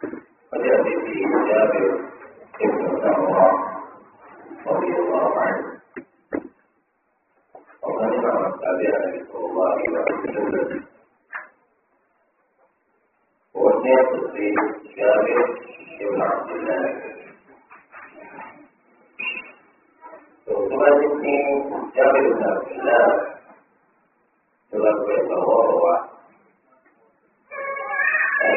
وجاء به جابر بن سمره رضي الله عنه ومن من تبع صلى الله عليه وسلم وسمعت في جابر بن عبد الله ثم جابر بن عبد الله تلقي الله أي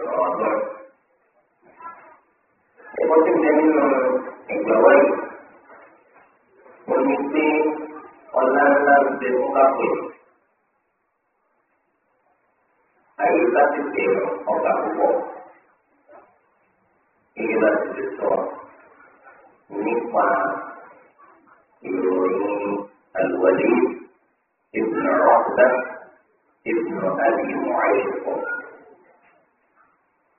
ìrọ̀ ọ̀gbọ́n. ẹ̀kọ́ tí mo nínú ìgbà wáyé mo ní pé ọ̀la ńlá ń bẹ fún kápẹ́. ayé ká ti pè أبي معيط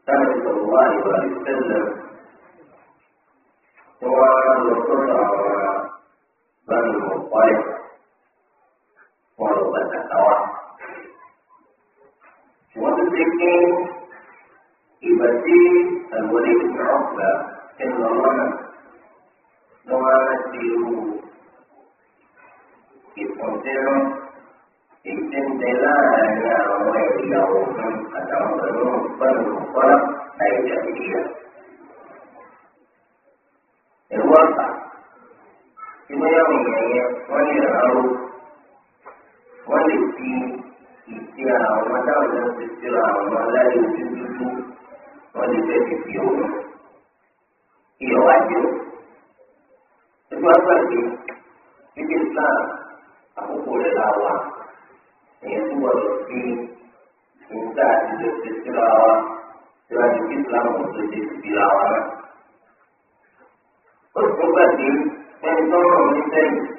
كما صلى الله عليه وسلم هو الرسول على بني المطلب ورب الأخوات وتدركين إبتي الوليد بن عقبة إن الله نوى مسيره إذ استنزلان àwọn ẹ̀yà ọ̀gbìn àtàwọn àkókò rẹ̀ làwọn. هو الدين إنسان يجب التلاوة سواء الإسلام يجب التلاوة أسلوب الدين ينظر من سيد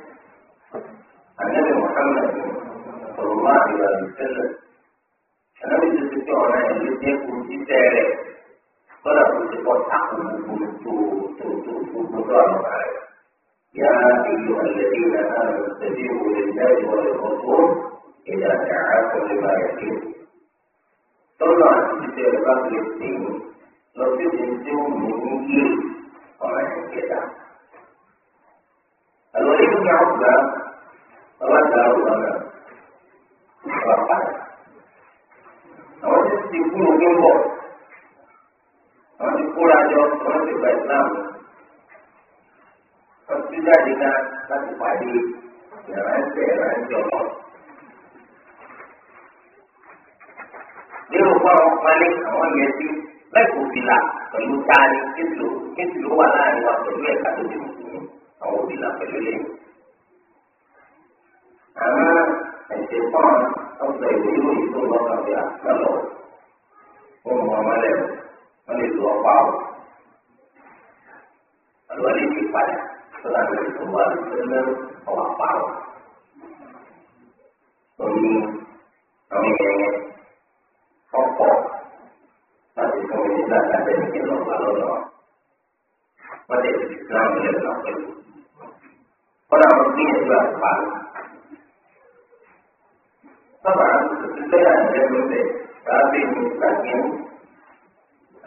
النبي محمد صلى الله عليه وسلم أنا النبي يجب التلاوة يجب التلاوة ولا تصدق حقهم يا أيها الذين آمنوا استجيبوا لله وللرسول إلى تعاقب ما يكون طلع في قبل الدين لو تدعو من يجي ومن كده الوليد بن عقبة رد عقبة وقال àwọn ti ti kú ojú bọ̀ àwọn ti kóra jọ àwọn ti gba islam wọn ti jáde náà láti pàdé ìrántí ìrántí ọlọ́run. lérò pé àwọn àwọn yẹn sí bẹ́ẹ̀ fìlà pẹ̀lú táàrí kéṣìlò kéṣìlò wà láàrin wa pẹ̀lú ẹ̀ka tó ti mùsùlùmí àwọn òfìlà pẹ̀lú lẹ́yìn. àwọn ẹ̀sẹ̀ pọ́n ọ̀sẹ̀ ìwé ìròyìn tó lọ kàwé àtọ́lọ̀ fún ọmọlẹ̀ wọn lè lu ọ̀pá o. àlọ́ lè ti padà sọ́dọ̀ àti ìṣòwò àti ìṣẹ́lẹ̀ ọ̀pá o. omi àwọn èèyàn ọ̀pọ̀ láti fún mi tí a bẹ̀rẹ̀ kí n lọ bá lọ́dọ̀ wọ́n lè fi islam yẹn lọ pẹ̀lú. kọ́dà wọn gbìyànjú àpá sábà lẹ́yà ìjẹun bẹ̀ sábẹ́ mi gbàgbé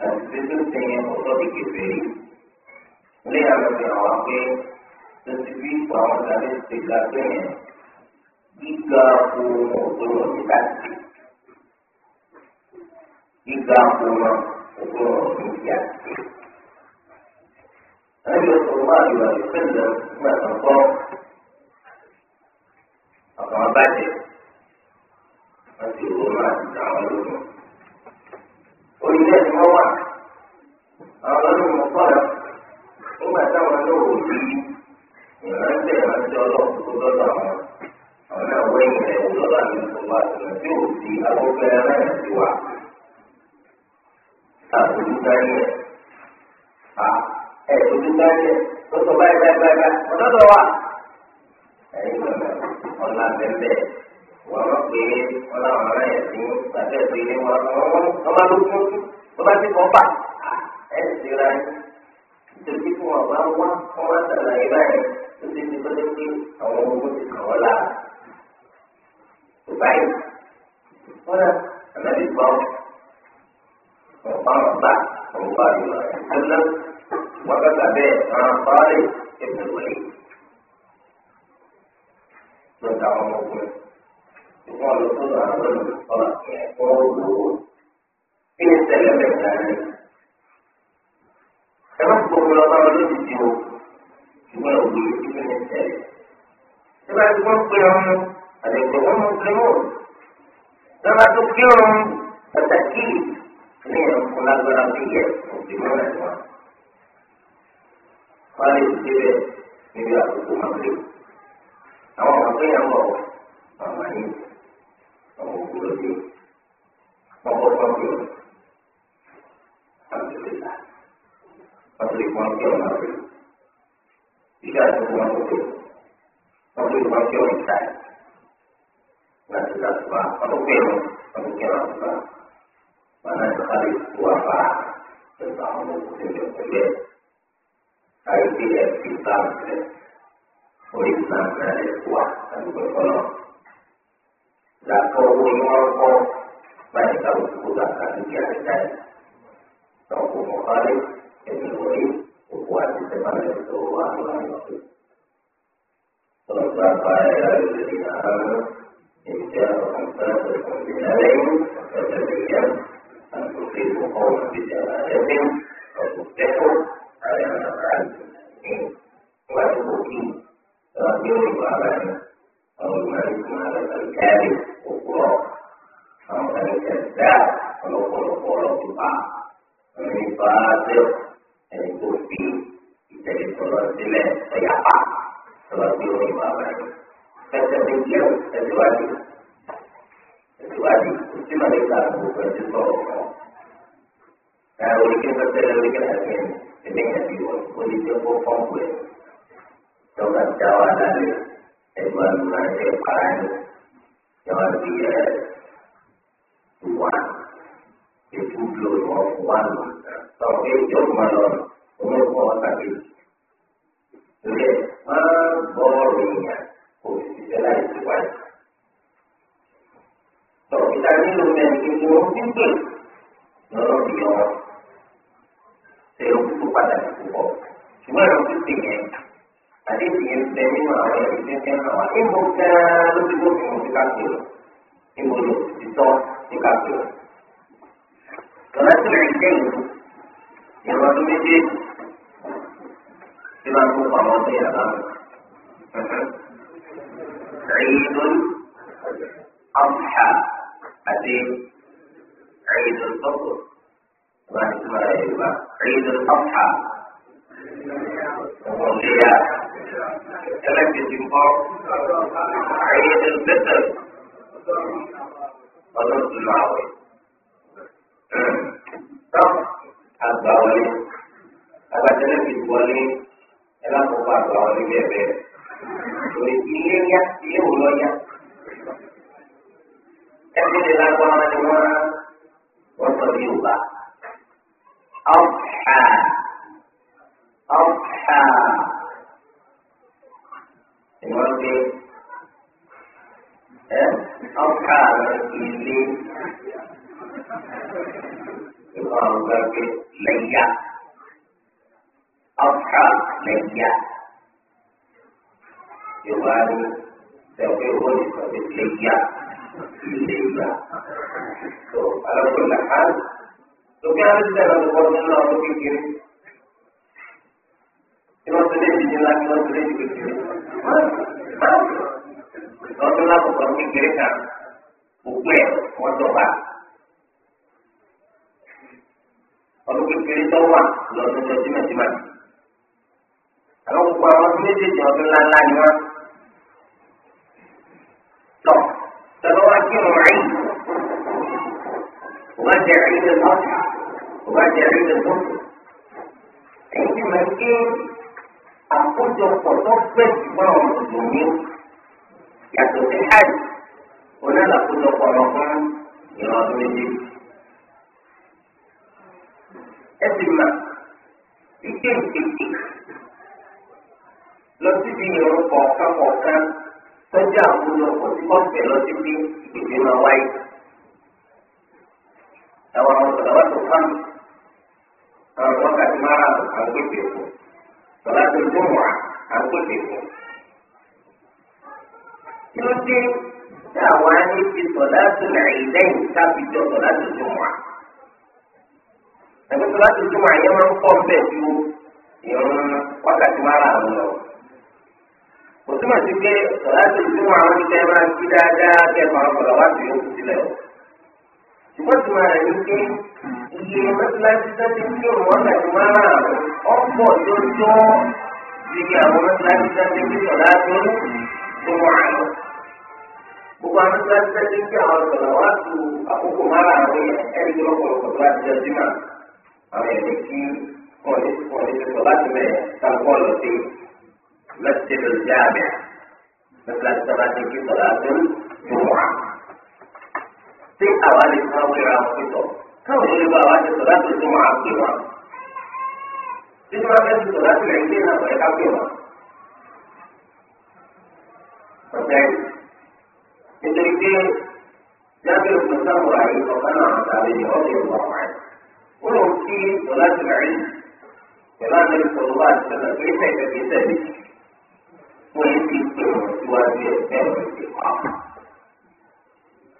àti títí sẹ́yìn ọ̀tọ́ bí kékeré lẹ́yà lọ bí àwọn pé lọ́sí bí ipò àwọn ìdálẹ́ ti gbàgbé yẹn gíga ohun ọ̀tọ́ lọ́sí láti. gíga ọkọ wọn òkú ọ̀rọ̀ ní ndị Ẹ̀yọ́ sọ̀rọ̀ máa yọ àdìsẹ́lẹ̀ nígbà tó kọ́ ọ̀kan bàjẹ́ àti ìrora àti àwọn ológun. Orílẹ̀ ni wọ́n wà. Àwọn ológun kọ́ra nígbà táwọn ológun ndị ìrántí ìrántí ọlọ́run ọzọ ndị àbòjúdáyé à وطربة والله لا يتكلم وبدا به عن طالب ابن الوليد من دعوة مؤمن يقال صلى الله عليه وسلم قوله إن السلام الثاني تمسك بالأمر الذي ولو بيت من الثالث فبعد مسلم هذا يكون مسلمون لما تكفرهم فتأكيد àníyàn kún bí yẹ òbí mọ́nà ni wọn. wọ́n níbi àkókò màgbé. àwọn ọmọ tó yàn bọ̀ màmá yìí ọmọ òkúrò dé ọmọ ọgbọ́n bí alhamdulillah wọ́n ti lè kún ọjọ́ rẹ̀ ìṣe àtúntò wọn kò tó wọ́n ti lè ìta láti láti wá ọdún pẹ̀lú ọdún kẹwàá manan se kari s'kou apan, se sa hon moun kou se kou se kou se, kari si dek ki sa moun kre, pou li nan kre ane s'kou apan, ane moun konon. La kou moun moun moun, manan sa moun s'kou la kanin kya mikan, ton pou moun kare, ene mouni, pou kou ane se kare, ane moun ane moun kre. Ton sa kare la li li nan ane, ene kre ane s'kou ane s'kou, ane moun ane s'kou ane, ane moun ane s'kou ane, أن تصيبوا قوما بجهالة فتصبحوا على ما فعلتم نادمين وتبكين فأخبروا أمانة أو الملك هذا الكاذب وقرا أو الكذاب ونقول قرا بقى ومن فاسق أن يكفي يتجد صلاة الله فيقع صلاة يوم أمانة فتبين أزواجه síwájú tí màá yẹ ká gbogbo ẹni sọ̀rọ̀ kan. Ẹ oríkẹ́ pẹ́pẹ́rẹ́ oríkẹ́ àti ẹ̀mí àti ìwọ̀n ó lè jẹ́ kó pọ́ǹpù ẹ̀. Tọ́ka ti àwọn àlàyé ẹ̀gbọ́n mi máa ń jẹ́ pààyàn. Yọ̀wá ti yẹ ìwà ètò ìlò ìwọ̀n fún wa nù. တော့ဒါမျိုးလုပ်တဲ့ဒီလိုဖြစ်ပြီးတော့ဒီရောတေရုပ်ပတ်တယ်ပေါ့ဒီမှာတော့ဖြစ်နေတယ်အဲ့ဒီရင်တယ်မှာလည်းဒီကံတော့အမှုကလို့ဒီလိုဖြစ်တာကိုဒီလိုဒီတော့ဒီကံကိုကလတ်လေးတဲ့ဒီလိုမျိုးဒီဒီမှာကိုပါမောတဲ့ရတာဆိုင်ဒွန်အမ်ဟာ àti ẹ̀yìn ìdọ̀tọ́kọ̀ bá ti túmọ̀ rẹ̀ yorùbá ẹ̀yìn ìdọ̀tọ́kà ọ̀gbọ̀n léyà ẹlẹ́kẹ̀jì ńkọ́ ẹ̀yìn ìdọ̀tẹ́tẹ̀ ọdún tìlú àwẹ̀. Tọ́ àgbà wọlé agbàtẹ́lẹ̀ fi wọlé ẹlẹ́kọ̀ọ́kọ́ àgbà wọlé bẹ́ẹ̀ bẹ́ẹ̀. Ilé yá ilé wò ẹgbẹ́ lágbára ni wọ́n wọ́n sọ ní yorùbá. ọ̀pá ọ̀pá ìwọ́n gbé ẹ ọ̀pá rẹ̀ ilé ìwọ́n ọ̀gá gbé lẹ́yà ọ̀pá lẹ́yà yorùbá ni sẹ́wọ́n ìwọ́n ìsọ̀rọ̀ lẹ́yà. لله على كل حال لو كان عندنا نقول لنا ممكن Ìwọ́n tó lé ìdílé láti wọ́n tó lé ìdílé kiri. Wọ́n tó lákòókò ní kiri kan. Gbogbo ẹ̀ wọ́n tó bá. Ọdún kékeré tó wà lọ́dún tó jìnnà jìnnà. Àwọn gbogbo àwọn méjèèjì ọdún ńláńlá ni wọ́n. bàbá wa kí wọn rí wọn jẹ rí lè mọ wọn jẹ rí lè mọ èyí ti máa ń gé àkójọpọ̀ tó pẹ́ ṣùgbọ́n àwọn mùsùlùmí yàtọ̀ sí hajj onáàlà àkójọpọ̀ ọ̀rọ̀ fún ìrọ̀rùn méjì. ẹ sì mà ike ìkékè lọ síbi ìrọ̀rùn kọ̀ọ̀kan kọ̀ọ̀kan sọ́jà àbúrò kò sí lọ sí pé ìpèsè máa wáyé. Àwọn ọmọ sọ̀dọ̀wá tó fún Àwọn ọmọ kàtí máa rà àgbègbè fún. Sọ̀dá tó tó wà àgbègbè fún. Kí ló dé tí àwọn á ní ti sọ̀dá tó nàì lẹ́yìn káfíjọ sọ̀dá tó tó wà? Ẹ̀mí sọ̀dá tó tó wà yẹn máa ń pọ̀ bẹ́ẹ̀ ju ìrún wákàtí máa rà lọ túmọ̀ sí pé láti fún àwọn ìṣe máa ń kí dáadáa kẹfà ọ̀pọ̀lọ̀ wá sí òkú sílẹ̀ o. ṣùgbọ́n tí wọ́n rẹ̀ ní pé iye mẹ́tíláṣí sẹ́tí ń kírun wọn náà ti máa ń rà ọ̀pọ̀ tó tó ibi àwọn mẹ́tíláṣí sẹ́tí ń sọ̀rọ̀ àtó tó wà lọ. gbogbo àwọn mẹ́tíláṣí sẹ́tí ń kí àwọn ọ̀pọ̀lọ̀ wá àkókò máa rà àwọn ẹni tó lọ́pọ̀lọpọ̀ tó láti jẹ́ مسجد الجامع مثل صلاة في صلاة الجمعة في أوائل الصلاة عقبته كم يجب أوائل صلاة الجمعة عقبها لما كانت صلاة العيدين غير عقبها وثاني nítorí pé jábẹ́ òkúta wà ní ọ̀kan náà tàbí ní ọ̀dẹ̀ ìwà wáyé. ó lọ sí ọ̀làjìláyé pẹ̀lú àdéhùn sọ̀rọ̀ wá àti sọ̀rọ̀ pé ìfẹ́ ìfẹ́ kìí wọ́n yìí ti pè wọ́n síwájú ẹ̀ bẹ́ẹ̀ wọ́n ti kọ́.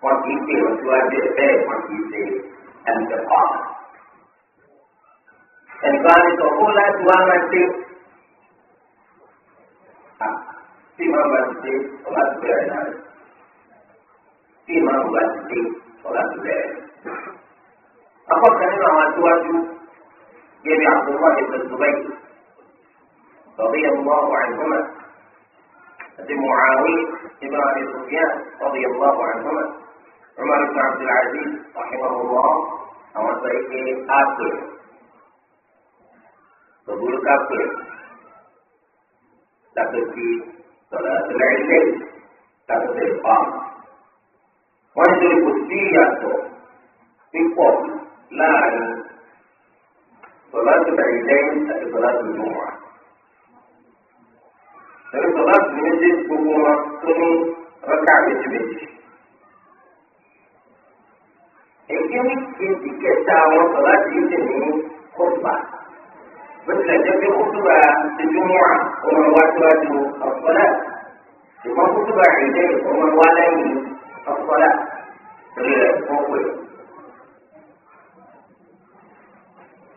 wọ́n ti pè wọ́n síwájú ẹ̀ bẹ́ẹ̀ wọ́n ti ṣe ẹ̀ǹtẹ̀ kọ́. ẹ̀gbọ́n mi sọ fún láti wá máa ṣe. tí màá bá ti ṣe ọba ti bẹ̀rẹ̀ náà rẹ̀. tí màá bá ti ṣe ọba ti bẹ̀rẹ̀. akọ́kàn nínú àwọn aṣíwájú gẹ́gẹ́ bí àkókò àti ìfẹ̀sùn báyìí. رضي الله عنهما àti Muawiya ibn Abi Sufyan radiyallahu anhuma Umar ibn Abdul Aziz rahimahullah àwọn sọ ike ápè tòbúrú kápè tàbí sọ̀rọ̀ àtìlẹ́ ilé tàbí pa. wọ́n ní torí kò sí ìyàtọ̀ pípọ̀ láàrin sọ̀rọ̀ àtìlẹ́ ilé àti sọ̀rọ̀ àtìlẹ́ wà pẹ̀lú sọ̀lá tó ní dé gbogbo wọn tó ní rọ́kà méjì méjì. Èkíní kejì kẹta àwọn sọ̀lá tó ní dé ní kọ́pà. Bó tilẹ̀ jẹ́ pé kútùbà ìdúnmọ́ ọmọ wa síwájú ọ̀pọ̀lá. Ṣùgbọ́n kútùbà ìdẹ́ ọmọ wa lẹ́yìn ọ̀pọ̀lá. Torí rẹ̀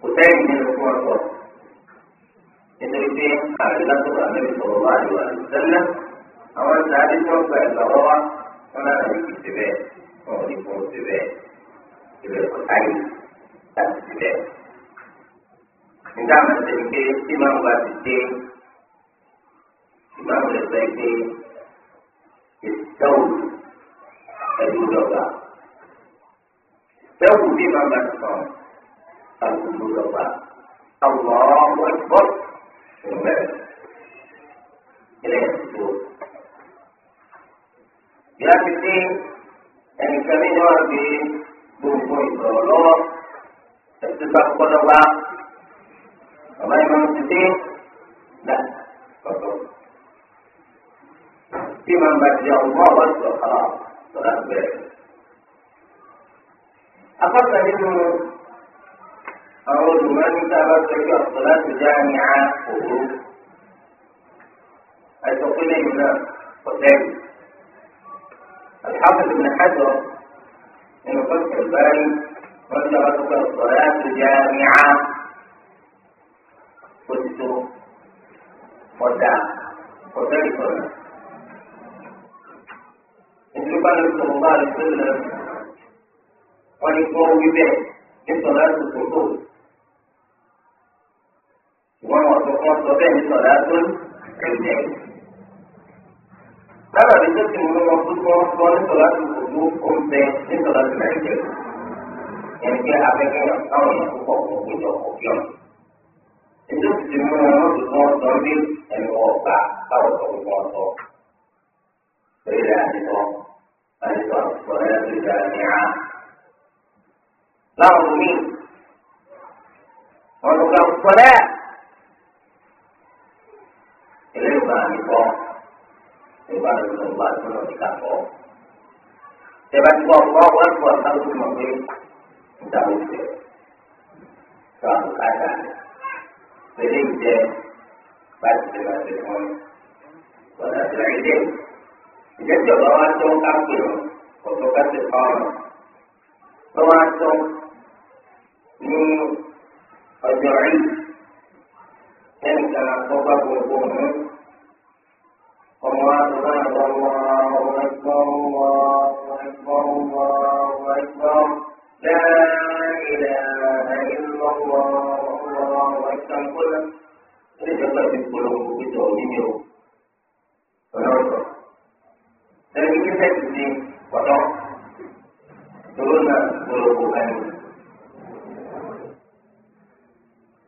Kò sẹ́yìn nínú fún láti látọ̀wọ̀ àmì sọ̀rọ̀ wá àdúrà ìṣẹ́lẹ̀ àwọn ìta adéjọ́gba ìgbàwọ́ wa wọn lára ní kìí síbẹ̀ wọn ò ní kó síbẹ̀ ìbẹ̀ kò táyé láti síbẹ̀. nígbà máa ṣe pé tí máa ń wá ti dé ìgbà máa ṣe pé ìṣẹ́wò ẹ̀dú dọ̀gba ìṣẹ́wò bí máa bá ti sọ̀rọ̀ àwùjọ dọ̀gba àwọn ọmọ ẹ̀kọ́ ìrọ̀lẹ́ ẹlẹ́ẹ̀kúndó. bí a ti dé ẹnìkan ní wọn gbé gbogbo ìsọ̀rọ̀ lọ́wọ́ ẹtù bá kọ́lọ́ wá bàbá yìí máa ti dé náà kọ́tọ́. bí màá bá ti àwọn ọmọ ìsọ̀rọ̀ kan lọ́la bẹ̀rẹ̀. akọ́ta nínú àwọn olùmọ̀ nígbà bá fẹ́ ọ̀sán láti dá ní àá òru ẹ̀sùn pínlẹ̀ yìí náà kò lẹ́yìn. الحافظ ابن حجر من فتح الباري وجرت الصلاة جامعة قلت ودع وذلك مثل قال صلى الله عليه وسلم ولقوم به لصلاة الخطوط وهو تقصد به صلاة العلمين lára rẹ̀ tó ti mú wọn tó kọ́ wọn nítorá tó kò mú bẹ nítorá tó náà jẹ yẹn kí abẹ́kẹ́ àwọn èèyàn tó pọ̀ kó ọ̀n. ètò ti ti mú wọn tó kọ́ sọ bí ẹnu ọ̀gá báwọn tó kọ́ sọ. lórí àdìsọ àdìsọ àdìsọ ẹ̀ ti dà ní à. láwọn mi wọn lọ gbà ń sọ ìwà ìwà ìwà ìdàpọ̀. Ìjọba ti wọ ọ̀pọ̀ wọ́n ti wọ ọ̀pọ̀ tó mọ̀ pé ìdàpọ̀ ti rẹ̀. Sọ àbùkátà pẹ̀lú ìjẹ́ láti ṣe láti fún mi. Bọ̀dá ti rẹ̀ dé. Ìjẹ́ tí ọ̀bá wa tó ká pè ọ́, ọ̀tọ̀ ká ti pa ọ̀nà. Lọ́wọ́ á tó ní ọjọ́ rí. Ẹnìkan àkọ́gbà gbogbo ọ̀hún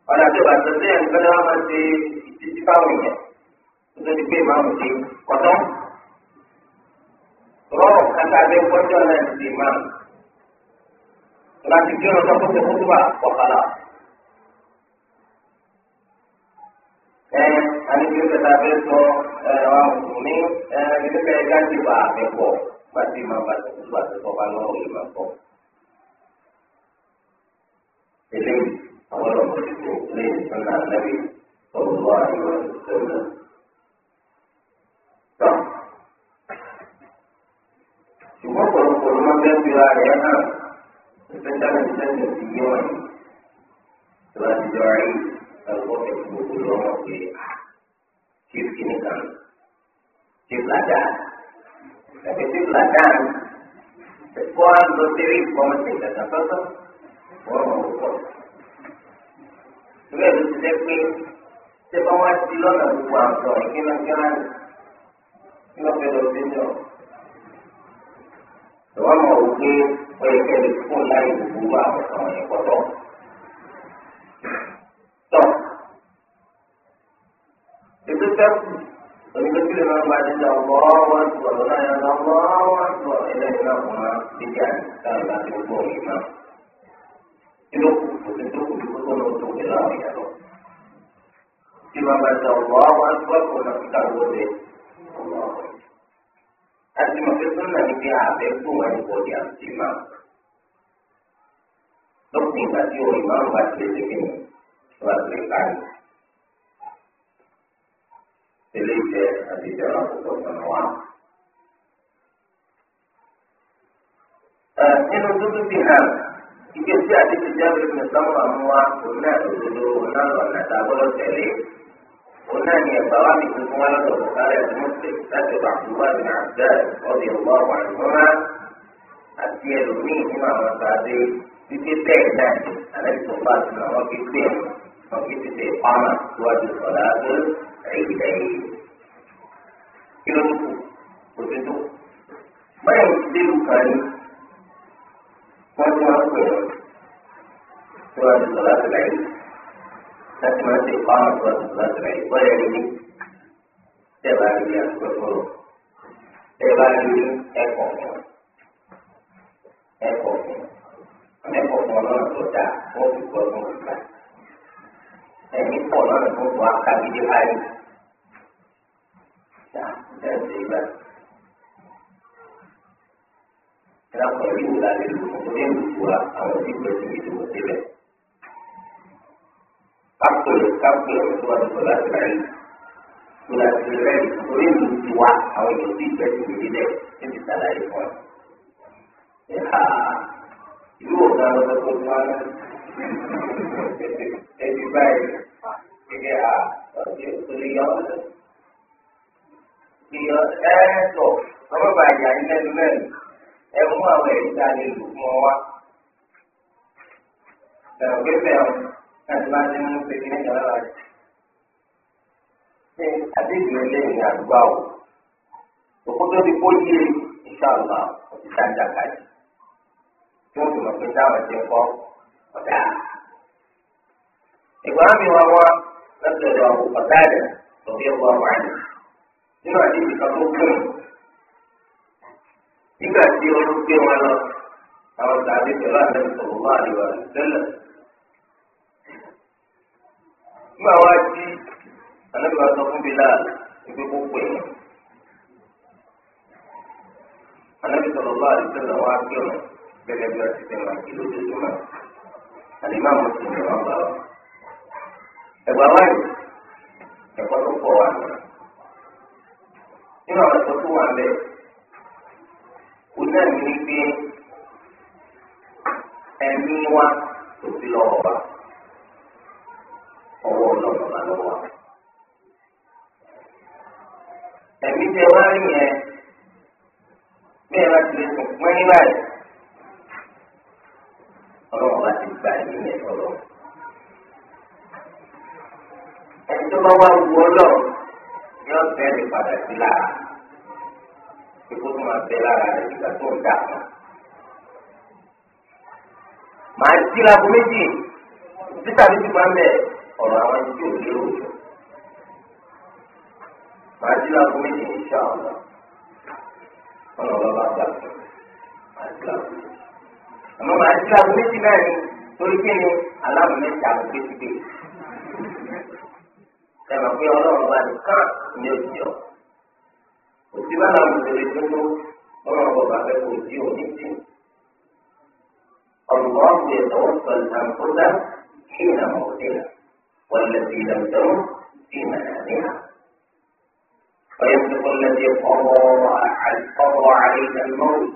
ọ̀nà tí o bá tẹ̀lé ẹ̀ ń gbẹ́dọ̀ máa ṣe ìdíjí báwọn yẹn nítorí pé ìmáàmù ti kọ̀tọ́. rọrùn kátà lé kọjọ́ náà ti di ìmáàmù. láti kí ọ̀rọ̀ tó kó tó bá kọ̀kàlà. ẹ àníbi ó tẹ̀lé abẹ́ sọ ẹ wà mùsùlùmí ẹ níbi ká ẹja ti wà abẹ́ pọ̀ gbàtí ìmáàmù bá ti kú bá ti kọ́ bá lọ́wọ́ ìmọ̀ pọ̀. eléyìí àwọn ọlọ́mọdé tó lé ìtàn náà lẹ́yìn ọ̀rọ̀ wá ìwà ìṣẹ̀lẹ̀. bẹ́ẹ̀ fi ra rẹ̀ hàn ẹgbẹ́ dáná ti tẹ́lẹ̀ ti yé wọn yìí tó bá ti jọra yìí ẹ̀kọ́ ẹ̀kọ́ gbogbo lọ́wọ́ pé ṣé kìíní kan ṣé bladà tàbí ṣé bladà ẹ̀kọ́ àlọ́tẹ́rì kọ́mọ̀tì ìdàgbàsọ́tọ̀ wọ́n mọ̀ ó pọ̀ ìwé ló ti jẹ́ pé ṣé bá wá sí lọ́nà gbogbo àǹtọ̀ ìkíni kíláàni kí wọ́n fẹ́ lọ sí ní ọ̀hún wọ́n mọ̀ wò pé ọyẹ fún láì gbogbo àwọn ọ̀sán yẹn pọ̀tọ́. tọ́ ètò sẹ́kù máa ń bá dídá ọ̀pọ̀ ọ̀wọ́ àtúwọ̀ lọ́la yẹn lọ ọ̀pọ̀ ọ̀wọ́ àtúwọ̀ ẹlẹ́yìn náà kò máa dídí àdìsá láti gbogbo ọ̀yìn náà. inú kòtò tó kù tó tó lọ tó nílò àwọn ìyàtọ̀. tí wọ́n bá dídá ọ̀pọ̀ ọ̀wọ́ àtúwọ̀ kò náà láti mọ̀ pé fún nàní pé àbẹ fún wọn ní bọ́ọ̀dì àti máa lọ́pọ̀ ìgbà tí òun ìmáàmù bá ti lè ṣe kí ni wọ́n á ti lè ká ní. eléyìí jẹ́ àdéjọ àkókò ọ̀nà wa. nínú dúdú ti hàn ìgbésí àdéjọ jáde ní àwọn wa òun náà lòdòdó náà lọ́nà tá a gbọ́dọ̀ tẹ̀lé. ونعني الضرام يكون ولد البخاري المسلم نجد عبد الله بن عباس رضي الله عنهما أتي المين هنا وسعدي بكتاب النبي صلى الله عليه وسلم وكتاب وكتاب إقامة وجه صلاة العيدين كيلو كتبتو ما يكتب كان وجه صلاة العيد lásìkò láti pa àwọn ọ̀dọ́ láti rẹ̀ bọ́ọ̀lù ẹni ní tẹ́ bá rí àtúntò fọlọ́ tẹ́ bá rí ẹ̀kọ́ fún ẹ̀kọ́ fún ẹ̀kọ́ fún ọlọ́run tó dáa wọ́n fi gbọ́ fún ìgbà ẹ̀mí pọ̀ lọ́rùn tó fún akábídé báyìí ṣá ẹ̀sìn ìgbà ẹ̀rọ kápẹ́ kápẹ́ ìwádìí kọ́lá ti rẹ̀ kọ́lá ti rẹ̀ orí mi ti wá àwọn èèyàn bí ìgbẹ́ ti wèé lẹ̀ níbi sàlàyé fún ọ. ẹ̀ka ìlú ọ̀gá lọ́dọ̀ tó ń wá ẹbí báyìí gẹ́gẹ́ à ọ̀sẹ̀ òṣèlú yọ ọ́ ìyọ̀ ẹ̀ẹ́dọ̀ ọmọ bàjẹ́ àyínlẹ́nu mẹ́rin láti mú pé kí ní ìjọba rà jù. ṣé àdéhùn eléyìí àdúgbò àwò òkútó ti kó yé ìṣàlùmá òtí sájà kájì tí wọ́n fi mọ̀ pé táwọn ti kọ́ ọ̀dà. ìgbà mi wá wá lọ́sọ̀rọ̀ ọ̀dà rẹ̀ lọ́bí ọgbà wà ní. nínú àdéhùn kan tó kù nígbà tí olùgbé wọn lọ àwọn tàbí pẹ̀lú àdéhùn sọ̀rọ̀ wá àríwá nígbà wá jí ànábì wa sọ fún Bilal ìgbé gbogbo ẹ̀ ànábì sọ̀rọ̀ bá àdìsẹ́lẹ̀ wá kí ọ̀nà gẹ́gẹ́ bí ọtí tẹ̀ máa kí lójoojúmọ́ àlìmá mo sì ní ọgbà wa ẹ̀gbà wá ẹ̀kọ́ tó pọ̀ wà nù nínú àwọn ẹ̀kọ́ tó wà bẹ́ẹ̀ kò náà ní gbé ẹ̀mí wa tó fi lọ́wọ́ wa ọwọ́ ọlọ́run bá lọ́wọ́. ẹ̀mí tẹ wá rí yẹn bí ẹ bá ti lè sùn pín ní báyìí ọlọ́run bá ti gba ẹ̀mí yẹn sọ̀rọ̀. ẹni tó bá wá wu ọlọ́run yóò bẹ̀rẹ̀ padà sí lára kíkó tó máa bẹ lára rẹ̀ ìgbà tó ń dà kan. màá jí lago méjì títà méjì máa ń bẹ̀rẹ̀ ọ̀rọ̀ àwọn tí ò lérò jù. Màá jí láago méjì ìṣá ọ̀la. Wọ́n lọ bá gbà tó. Màá jí láago Àmọ́ màá jí láago méjì náà ni torí kí ni aláàmì mẹ́ta ló gbé síbẹ̀. Ẹ̀rọ pé ọlọ́run bá nìkan ní òjì ọ̀. Òsì bá làwọn òṣèré dúró. Ọlọ́run bọ̀ bá fẹ́ kó o jí òní sí. Ọ̀rùn ọ̀gbìn ẹ̀tọ́ wọ́n sọ ìtàn kó dá kí ìlànà òṣèlú. والذي لم تمت في منامها فيطلق الذي قضى عليها الموت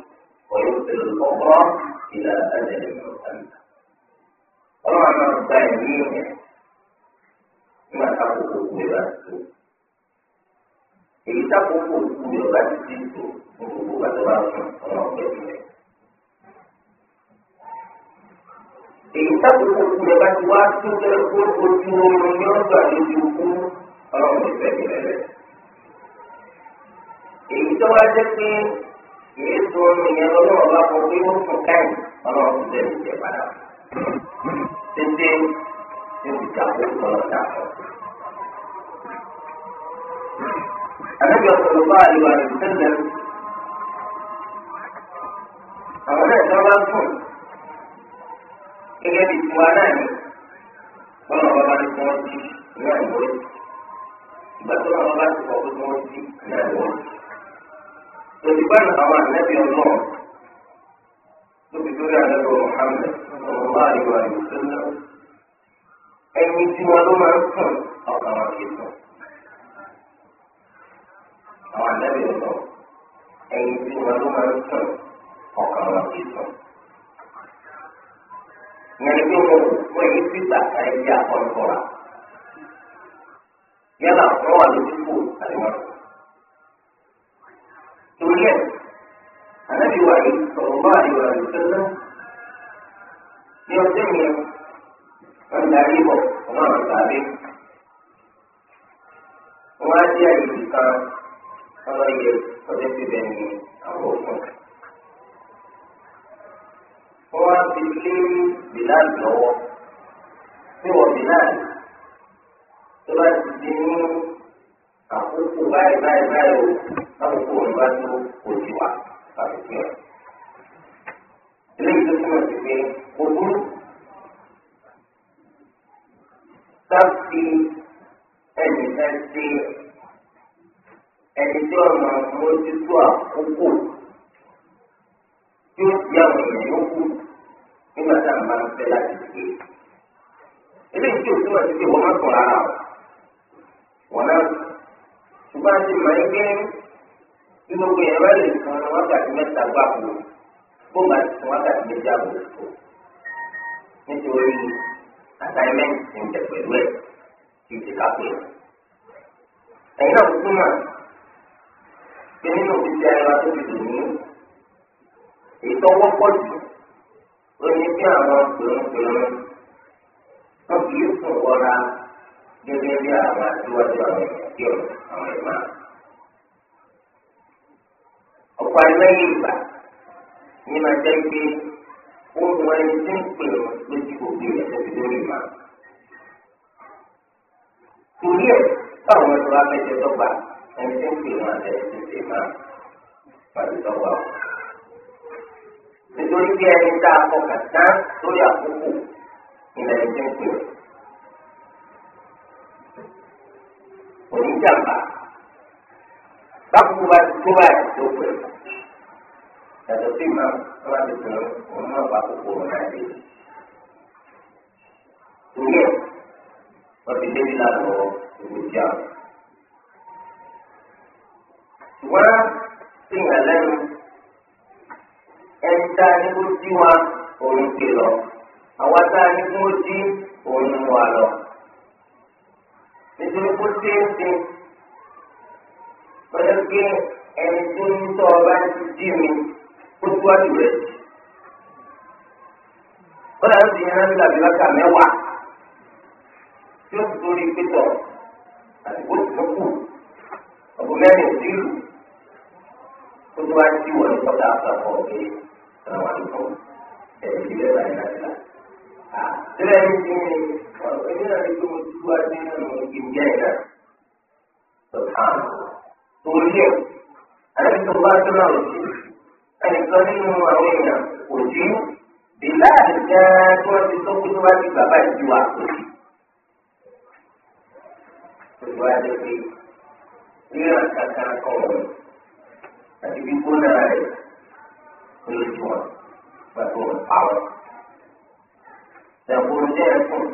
ويرسل الأخرى إلى أجل مسمى طبعا الثانيين ما تقول ببأس إذا تقول ببأس تقول ببأس èyí táwọn òkú yẹn bá ti wá tó jẹ́ kó ojú oorun ní ọ̀gbà lójú ikú ọlọ́run ìfẹ́ mi lẹ́lẹ̀. èyí tó wá jẹ́ pé èyí tó orin yẹn lọ́wọ́ bá fọ pé ó fún káyìn ọlọ́run ìfẹ́ mi jẹ padà. tètè ní ìjà tó ń tọ́lọ̀ dà pọ̀. àlejò ọ̀sọ̀rọ̀ bá àlewà rẹ̀ tẹ́lẹ̀ àwọn ẹ̀dá bá ń sùn gẹ́gẹ́ bí tiwa náà ni bọ́lá ọba bá ti fún wọn sí náà ni wọ́n ti ìgbà tó wọn bá ti kọ́ pé sí náà ni wọ́n ti. Òṣìbá ni àwọn ànábì ọ̀nà lóbi lórí àdàbọ̀ Mùhàmmad ọ̀nà àríwá ìwòsàn ẹni tí wọn ló máa ń sùn ọ̀kan wọn kì í sùn. Àwọn ànábì ọ̀nà ẹni tí wọn ló máa ń sùn ọ̀kan wọn kì í sùn ìyẹn ni pé wọ́n wọ́n yí pípa àti ìyá yálà wọ́n wà lójú kò àti wọ́n. torí ẹ̀ ànábi wà ní sọ̀rọ̀ bá àdìwà rẹ̀ sẹ́lẹ̀ ní ọjọ́ yẹn wọ́n darí bọ̀ ọmọ àwọn tàbí wọ́n á dé àyè kan ọlọ́yẹ ọjọ́ ti bẹ̀ ní àwọn òkun. wọ́n á fi lé ní. Bilal lọ́wọ́ tí wọ́n Bilal tó bá ti di ní àkókò báyìí báyìí báyìí o àkókò rẹ̀ bá tó kò sí tàbí kí ọ̀. Eléyìí tó túmọ̀ sí pé kò burú sáfi ẹnìkan ṣe ẹni tí ọ̀nà mójútó àkókò tí ó ti àwọn èèyàn yókù nígbà tá a máa ń fẹ́ láti gbé. eléyìí tí o túmọ̀ sí pé wọ́n máa kọ̀ rárá o. wọ́n náà ṣùgbọ́n àti màá ń gbé bí gbogbo yẹn wá lè fún wákàtí mẹ́ta gbàgbó bó máa ti fún wákàtí méjì àbò tó. nítorí assignment ń tẹ̀ pẹ̀lú ẹ̀ kí n ti ká pé. ẹ̀yin náà túmọ̀ pé nínú òfin ti ara tó ti dùn ní ìtọ́wọ́pọ̀ jù ó ní bí àwọn pèrèpèrè ó kì í sùn wọra gẹ́gẹ́ bí àwọn àtiwájú àwọn ìdí àwọn ìmọ̀. ọ̀pọ̀ àìmọye ìgbà ní máa jẹ́ pé ó ń wọ ẹni tí ń pè lójú òbí rẹ̀ lórí lórí ìmọ̀. torí ẹ̀ báwọn ẹ̀rọ abẹ́jẹ́ dọ́gba ẹni tí ń pè wọn àtẹ̀yẹ́ ti ṣe máa pàdé dọ́gba ọ̀ nítorí bí ẹni tá a fọkàn lórí àkókò ìlànà tí ń pè oníjàmbá bákùkù bá ti tó báyìí tó pè ọ́. yàtọ̀ sí ìmọ̀ wọn bá ti tún wọn náà bá kókó wọn náà dé. torí ẹ̀ wọ́n ti débi lánàá ìgbésí àwọn. ṣùgbọ́n sí ìyàlẹ́nu ẹni tá a ní kó jí wa òun ké lọ àwa tá a ní kó jí òun wà lọ. nítorí kó téèsì pẹ̀lú pé ẹni tó ń tọ́ ọ bá ti jí mi kó tó wá jù rẹ̀ jì. wọ́n náà ti yẹn ń dàbí lọ́kà mẹ́wàá tí ó torí pétọ̀ àti kó tó kù ọ̀bùn ò sí lù kó tó wá jí wọ̀ ní sọ́dà àpapọ̀ òkè. Assalamualaikum. Eh, bila lah yang ada. jadi ini, kalau ini nanti tu dua ni mungkin jadi. Subhanallah. Tulis. Ada tu baca lagi. Ada kali mengawinnya. Uji. Bila ada tuan itu pun lagi bapak jual. Kedua jadi. Dia kata kau. Tapi pun his voice, but overpowered. Therefore, therefore,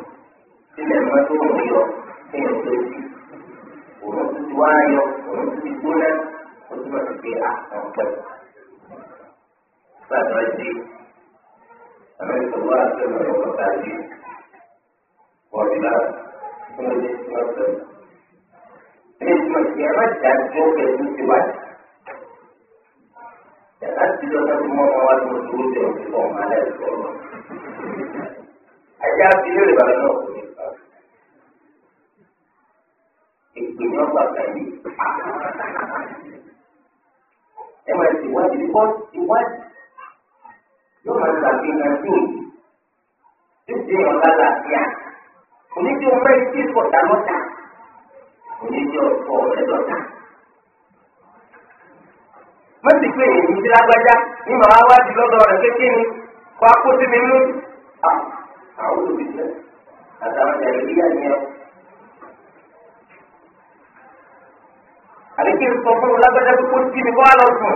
remember to heal him to you. Òun ti ti wá yọ, òun ti ti gbóná, ó ti máa ti fi àtàn pẹ̀. Bàbá jí, àmẹ́sọ̀ wá àti ọmọ ẹ̀kọ́ ta jí. Bọ̀dá, fún ojú ti máa sọ̀rọ̀. Ilé ìtumọ̀ ìyá má dájú ẹ̀dùn ti wájú àtijọ́ náà ti mú ọmọ wa tó dúró tẹ̀ ọ́ fún ọmọ alẹ́ ìfọ̀ lọ. Ajá fi lè bá náà kò ní bá. Ìpènyàn bàtà Ẹ máa ti wádìí kọ́ ìwádìí. Yóò máa ṣàfihàn sí òjì. Yóò ṣe ìyàn lálàáfíà. Kò ní jẹ́ ọmọ ẹgbẹ́ ìfọ̀tà lọ́tà. Kò ní jẹ́ ọ̀pọ̀ mọ́tì pé èyí ti lágbájá ní màá wá di lọ́dọ̀ rẹ̀ kékeré ni kó a kó sí mi mú. àwọn olùdíje àtàwọn ẹ̀rí yíyá ni ẹ. àlékè sọ fún mi lágbájá pé kó sí mi kó a lọ sùn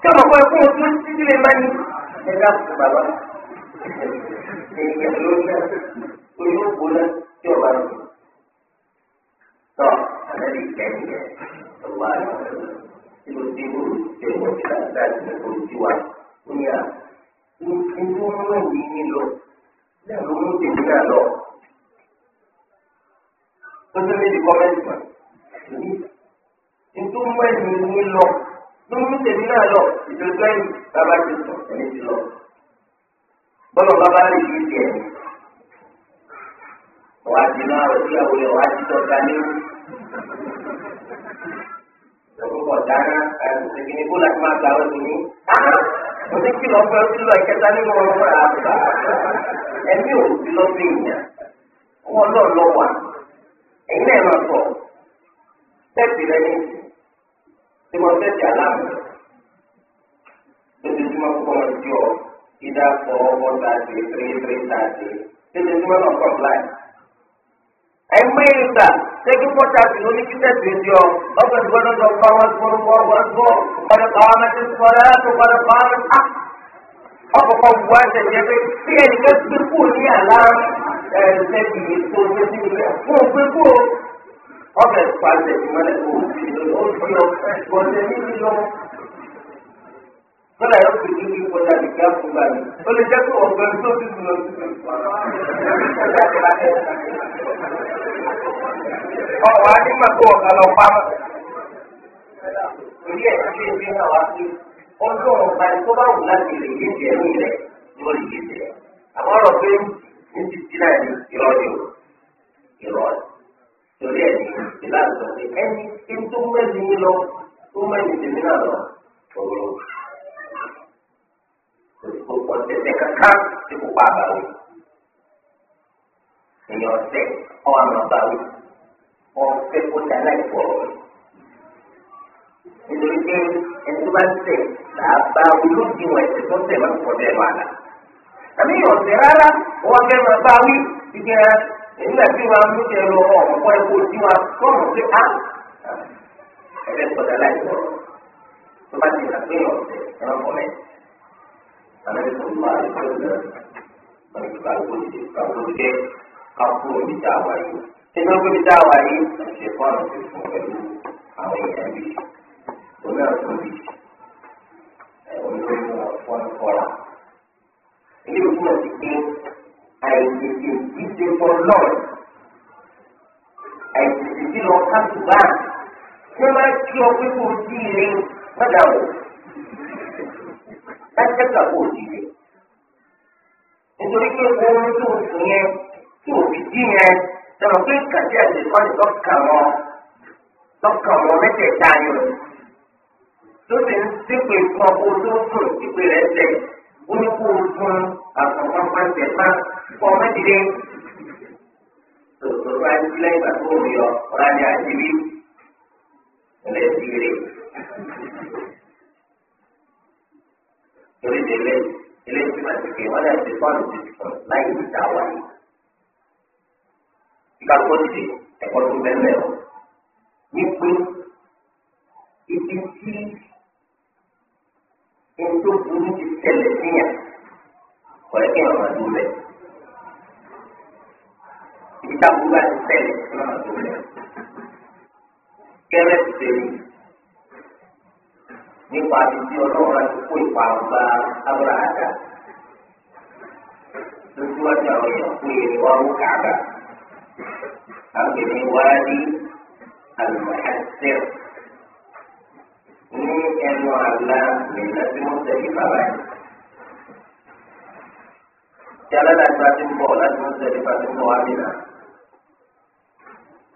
kí ọmọ kan fún mi tó títí lè má ní. ẹ ká sùn bàbá èyí kẹ ló ń bẹ orí ó kó lẹ tí ọba rẹ sùn. tọ́ àlẹ́ ìkẹyìn ọba rẹ sùn tí o ti wú ṣe wọ́n ti láti ní kò sí wa ó ní à ní kí di kọ́mẹ́ntì mọ́ ní tó ń bẹ́ẹ̀ ní yín lọ ló ń tèmi náà lọ ìdòdó ẹ̀yìn bàbá ti sùn ẹni ti lọ. bọ́lọ̀ bàbá rè yí lọ́kùnkọ̀ dáná ẹ̀ẹ́dẹ̀gbẹ̀ni kó láti máa gbà wọ́n ní. mo ní kí lọ́ọ́ fẹ́ sílọ ìkẹta nínú wọn fún ara rẹ̀ ẹ̀mí ò sí lọ́bí ìyàn wọn náà lọ wà ẹ̀yin náà máa sọ tẹ́tì rẹ ní tí wọ́n tẹ́tì aláàmù lójoojúmọ́ kókó wọn ti ọ ìdá fọ ọwọ́ tààtì tírí tírí tààtì lójoojúmọ́ náà kọ́ تجي قطع بنوني كتاب فيديو أبد ولد الله أكبر الله أكبر قد قامت الصلاة قد قامت أحد ọkọ̀ọ̀kọ̀ bu àṣẹ yẹn pé bí ẹnìkan gbé kúrò ní àlárà ẹ̀ẹ́dẹ́gbì tó gbé sí ilé fún ògbé kúrò ọbẹ̀ pàṣẹ ìmọ̀lẹ̀ kò sí lórí ọ̀sẹ̀ nínú lọ. Bọ́lá yóò fi ní ipò tàbí kí á fún báyìí. Ó lè jẹ́ pé ọ̀gbẹ́ni tó ti dùn lọ sí ìpàdé ọ̀wá nígbà tó ọ̀gá lọ pa mọ́. Orí ẹ̀ ṣe ń gbé náà wá sí ọjọ́ ọ̀gá tó bá wù láti lè yé ti ẹ̀mí rẹ̀ yóò lè yé ti rẹ̀. Àwọn ọ̀rọ̀ pé ní ti ti náà ní ìrọ̀lẹ́ o, ìrọ̀lẹ́. Torí ẹ̀ ní ìlànà sọ pé ẹni tí tó mẹ́rin mi lọ tó mẹ́rin tèmi náà lọ tọ̀rọ̀. Òṣìkò ọ̀tẹ̀tẹ̀ kankan ti kópa àbáwí. Èèyàn ọ̀tẹ̀ ọ̀ àmọ̀ àbáwí ọ̀fẹ́ kó dà láì pọ̀ nítorí pé ẹni tó bá tẹ̀ làbá olódiwọ̀n ẹ̀sẹ̀ tó tẹ̀ máa ń pọ̀ bẹ́ẹ̀ wàhálà àmì ọ̀sẹ̀ rárá wọ́n fẹ́ máa bá wí gbígbé rárá nígbà tí wọ́n mú jẹ lọ ọ̀pọ̀ ẹ̀kọ́ tí wọ́n tọ̀rọ̀ pé á ẹ̀rẹ́ sọ̀dà láì pọ̀ tó bá ti rà pé ọ̀sẹ̀ ẹ̀rọ pọ̀ mẹ́ àmì tó wà lọ́wọ́ ẹ̀rọ pẹ̀lú ìgbà wo ni ìgbà wo jẹ́ káfíńtì àwáyé nínú bí mi dáwà yìí ṣe fọ́ọ̀rọ̀ sí fún pẹ̀lú àwọn èèyàn bí omi ọ̀tún bí olórí wọn fọ́ọ̀rọ̀ fọ́ra. Ilé ìlú náà ti pé àìtètè ìdíje fún náà àìtètè tí lọ ká tù bá ṣé máa kí ọ pé kò sí ilé padà wò láti ẹ̀ka kò sí ilé. Nítorí pé ohun tó ń sùn yẹn tí òbí dín yẹn ẹnu pé kàtí àti ìkọ́ni tó kà wọ́n tó kà wọ́n mẹ́tẹ̀ẹ̀ta yọ tó ti ń sípè fún ọkọ tó sùn ìpè rẹ̀ tẹ̀ ó ní kó o fún àtọ̀wọ́n pàṣẹ má fún ọmọ ìdílé tòtò bá ń tilẹ̀ ìgbà tó ń yọ ọ̀rá ni àdìrí ẹlẹ́ ti rè torí délé ilé tí màá ti kè wọ́n lè ti fọ́ọ̀nù ti fọ́ọ̀nù láyé ìta wáyé gbàgbọ́ sí ẹ̀kọ́ tó bẹ̀rẹ̀ o wípé ibi tí ohun tó burú ti tẹ̀lẹ̀ síyàn ọ̀rẹ́ kí ọ̀rọ̀ àdúró rẹ̀ ibi tá a burú bá ti tẹ̀lẹ̀ ọ̀rọ̀ àdúró rẹ̀ kẹ́rẹ́ ti tẹ̀lé nípa àti ọlọ́run àti kó ipa ọba abúlé àdá lójú ọjà ọ̀yàn fún èrè wa ó kàdá. أو الوادي المحسر من المعلم من نفس مصدر فرائد جلد أسوات مولا مصدر فرائد موامنا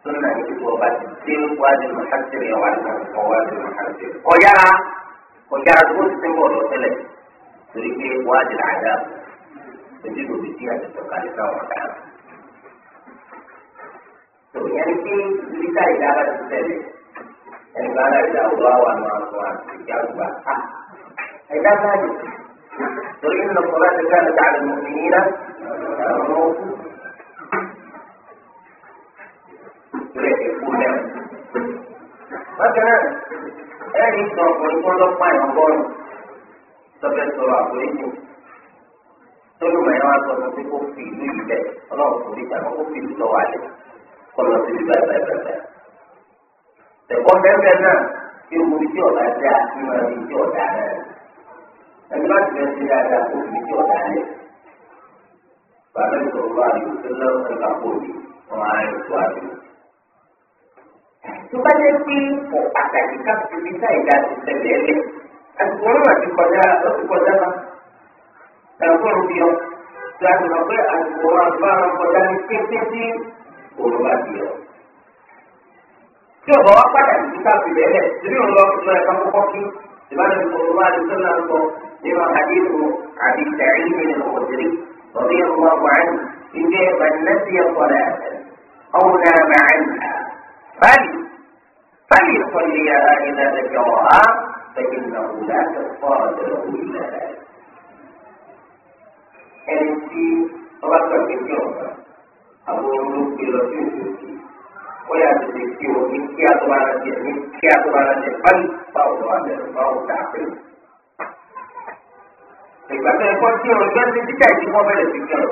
سنة كتوبة تلك وادي المحسر يوانا وادي المحسر ويا ويرى دول سنبول وثلاث تلك وادي العذاب تجد بسيئة التقالي فرائد ìyẹn tí lítà ìdá bá ti tẹ̀lé ẹni bá náà ìdá òwò àwọn àmọ́ àwọn àti ìyá ògbà á ẹ̀dá báyìí torí nínú kọ́lá ti ká lọ́jà àlùmọ́ ìyìn náà àwọn òkú rẹ̀ èkó náà. bákan náà ẹni sọ ọkùnrin tó lọ́pàá ẹ̀ ọgọ́rùn-ún tọ́fẹ́ sọ̀rọ̀ àforíjì tó lùmọ̀ ẹ̀ wá sọ fún pé kó fi ìlú ìlẹ̀ ọlọ́run kò ní ìjà kó fi ìlú lọ́wọ́ àlẹ́ kọlọ sí ibi báyìí báyìí báyìí. ẹ̀kọ́ bẹ́ẹ̀ náà kí o múni tí ọ̀dà dá kí o máa ní tí ọ̀dà náà. ẹni má ti bẹ́ẹ̀ ṣe dáadáa kó o ní tí ọ̀dà náà. bàbá mi sọ̀rọ̀ wá yóò ṣe lọ́wọ́ nípa kóòdù wọn á yọ tó àjò. tó bá dé pé kò pàtàkì káfíńtì ní sáìdá ti tẹ̀lé ẹ̀lẹ́ àti wọn ti kọjá lọ sí kọjá náà. ẹ̀kọ́ òun bá di ọ. tí ọ̀bọ̀ wá pàtàkì kíkà fìlẹ̀ lẹ̀ síbí òun lọ fún ẹ̀ka kọ́kọ́ kí ìbáni ìfowópamọ́ wa lóṣù náà sọ nínú àdéhùn àbí ìtàrí nínú ọ̀dẹ́rẹ́ ọ̀dẹ́ ọ̀wá wàhán ìgbẹ́ ìbánilẹ́sì ẹ̀kọ́lá ọ̀hún náà máa ń ta. báyìí báyìí ìfọ̀lẹ̀ yàrá ìlà ẹ̀jọ̀ wá fẹ̀yìn náà wù láti fọ́ ọ̀dẹ́rẹ́ wù ìlà rẹ̀. ẹni tí ọba sọ̀rọ̀ àwọn olùgbé lọ sí òkè òkè ó yà tètè kí o ní kí atọ́bára jẹ ní kí atọ́bára jẹ báyìí báwo lọ́wọ́ bẹ̀rẹ̀ báwo dà pé. ìgbà tó ẹ̀kọ́ tí o yọ sí títà ìdí wọ́n bẹ̀rẹ̀ sí kẹrọ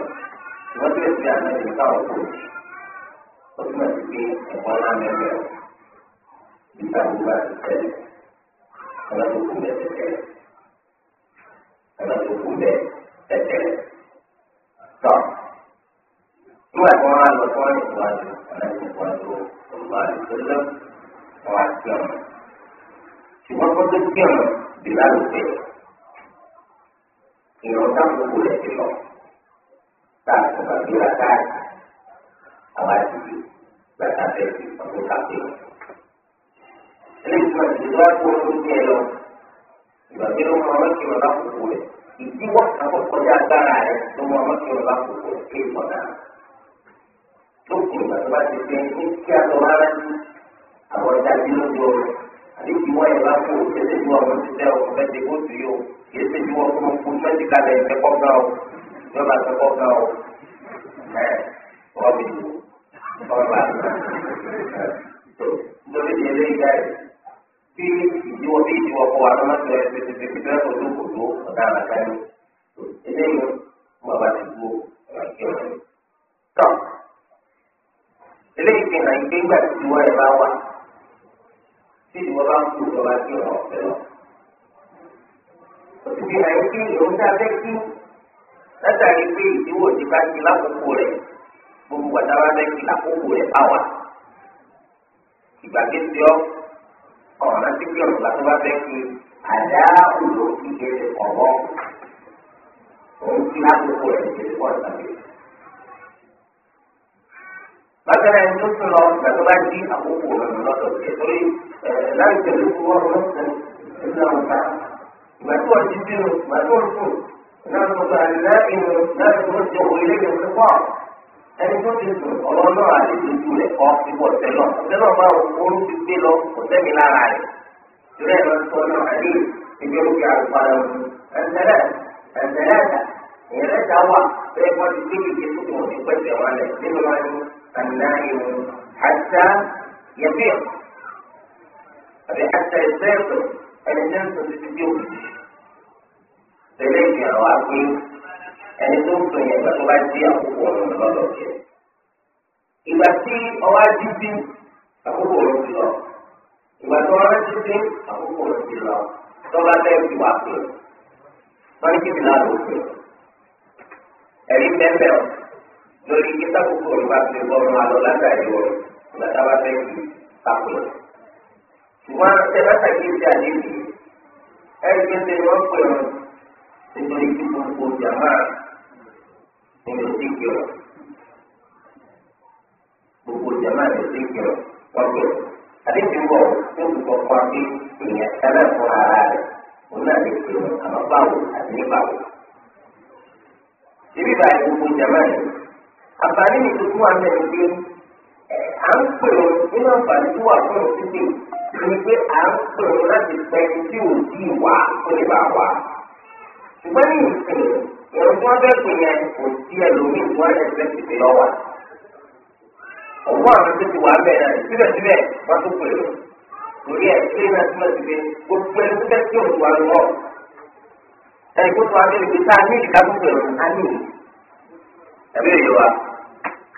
ìwọ́n tó ẹ̀sìn àná ẹ̀ káwọ́ kò jù ó túmọ̀ sí pé ẹ̀kọ́ náà mẹ́fẹ́ o nígbà gbogbo àti tẹ́lẹ̀ ọlọ́dún kú bẹ́ẹ̀ tẹ́lẹ̀ ọlọ́dún kú bẹ́ẹ̀ tẹ́lẹ̀ tọ́ nígbà tí wọ́n á lọ fún ìwádìí aláìsí ìwádìí ọba ìṣẹ̀lẹ̀ wọn á kí ọ̀nà ṣùgbọ́n kó tó kí ọ̀nà bí lálùpẹ ìrọ̀lẹ́ àkókò rẹ̀ ti lọ táà tó bá gbéra káàkiri àwọn àdìyẹ gbàtà bẹ́ẹ̀ ti ọdún kàfé eléyìí tó ti wá kó tó kí ẹ lọ ìgbà tí ó mọ ọlọ́kì ọ̀nà àkókò rẹ̀ ìdíwọ́ àkọ́kọ́ dá agbára rẹ̀ tó mọ ọlọ́kì ọ̀nà àkókò rẹ̀ kéwòn náà tó kù ìgbà tó bá ti pé ní kí a lọ rárá sí àwọn ìjà bí ló gbọ́ rẹ̀ àbí kí wọ́n yẹn bá kó o ṣe léjú ọmọ ti tẹ ọmọ bẹ́ẹ̀ ti kó tù yóò kì í ṣe ju ọmọ kó o mẹ́tì kalẹ̀ ìfẹ́kọ́ gbà o ìjọba ìfẹ́kọ́ gbà o ẹ̀ ọ̀bì ọ̀bà lórí ti ilé ìyá rẹ̀ bí ìdíwọ́ bí ìdíwọ́ kọ́ àwọn mọ́tò ẹ̀ tètè fẹ́ kó tó kò tó ọ̀dà àlàkà ni eléyìí bàbá ti gbó ọ̀rọ̀ ìjọba eléyìí fi hàn ike ńgbà tí ìwọ ẹ bá wà tí ìwọ bá ń kú ìjọba tí ìwọ ọ̀fẹ́ lọ. ó ti fi hàn ike ìlòún dábẹ́ kí látàrí pé ìdíwọ̀ ti bá ti lákòókò rẹ̀ gbogbo wàtá bá lákòókò rẹ̀ bá wà. ìgbàgbé ti ọ ọ̀rọ̀ láti kí ọ̀rọ̀ láti bá bẹ́ àdá òjò kí ọ̀wọ́ òun kí lákòókò rẹ̀ ti pọ̀ ìgbàgbé. مثلا يمكن لو أنت دي أبوه من مناطق الكتري لا يكلف الله نفسا إلا وسعها ما تقول جدير ما تقول كل نحن متعلقين لا ترجع إليه الخطاب ẹni tó ti sùn ọlọ́run àti ìdójú rẹ̀ kọ́ ipò tẹ́lọ̀ tẹ́lọ̀ bá òun ti gbé lọ kò tẹ́mi lára rẹ̀ ìrẹ́ lọ sọ náà àdé ìgbé òkè àgbàdo ẹ̀ńtẹ̀rẹ̀ ẹ̀ńtẹ̀rẹ̀ ẹ̀dà ìrẹ́ta wà bẹ́ẹ̀ wọ́n ti gbé kékeré tó kò ní pẹ́sẹ̀ wọn lẹ̀ nínú wọn ni. النائم حتى يفيق أبي حتى يستيقظ الإنسان تتجوز إليك يا واقعي ẹni tó ń sọ yẹn ìgbà tó bá di àkókò ọ̀rọ̀ lọ́dọ̀ jẹ. Ìgbà tí ọwọ́ ají bí àkókò ọ̀rọ̀ ti lọ. Ìgbà tó ọwọ́ ají bí àkókò ọ̀rọ̀ ti lọ. Tọ́ba bẹ́ẹ̀ fi wà pé wọ́n ní kí mi náà lò pé ẹ̀rí bẹ́ẹ̀ bẹ́ẹ̀ lórí kíkà kókó nípa fi ọrùn alọ látàrí ọrùn gbàtà bá fẹ́ yí kakùnà. ṣùgbọ́n ṣe látàkì ìṣe àdébì ẹ̀rí pé ṣe wọ́n pè wọn nítorí kí gbogbo jàmá nínú sí kí ọ. gbogbo jàmá nínú sí kí ọ wọ́n pè wọn. àdébì ń bọ̀ kálẹ̀ fún ara rẹ̀ òun náà lè pè wọn àmọ́ báwo àti níbàwọ̀. ibi báyìí gbogbo jàmá yìí àǹfààní mi tuntun wà ní ẹni pé à ń pè ó nínú àǹfààní tó wà fún òtítì ni pé à ń pè ó láti pẹ́ tí ò tí ì wá tó lè bá wá. ṣùgbọ́n ní ìsìn ìrùn tí wọ́n fẹ́ pè yẹn kò sí ẹlòmíì tí wọ́n lè fẹ́ ti fi lọ́wọ́. ọ̀gbọ́n àwọn tó ti wà bẹ́ẹ̀ náà síbẹ̀síbẹ̀ wọ́n tó pè ó. torí ẹ̀ ṣé iná tí wọ́n ti fi gbogbo ẹni tó fẹ́ tí ò wá lọ́wọ́. ẹ̀ kó tó wá bẹ́ẹ̀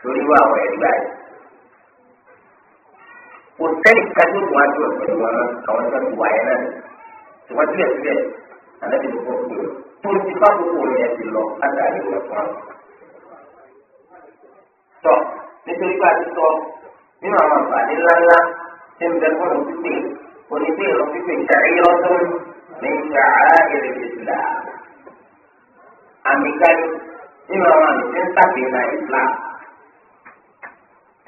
lórí wà àwọn ẹ̀rí báyìí. kò sẹ́yìn kájú òkun àti ọ̀sẹ̀ wọn àwọn ẹ̀ka ti wà yẹn náà ṣùgbọ́n síbẹ̀síbẹ̀ àlẹ́bí ló kọ́ pé tó ti bá gbogbo rẹ̀ ti lọ látàrí ìwẹ̀ fún wa. tọ́ nítorí bá ti sọ nínú àwọn àǹfààní ńláńlá tí ń bẹ fún òun pípé òní pé ìrọ̀ pípé ìṣàríyọ́ tó ní ìṣàrá ìrẹ̀lẹ̀ àmì kájú nínú àwọn àmì tí ń tàbí ìlà ìsìlámù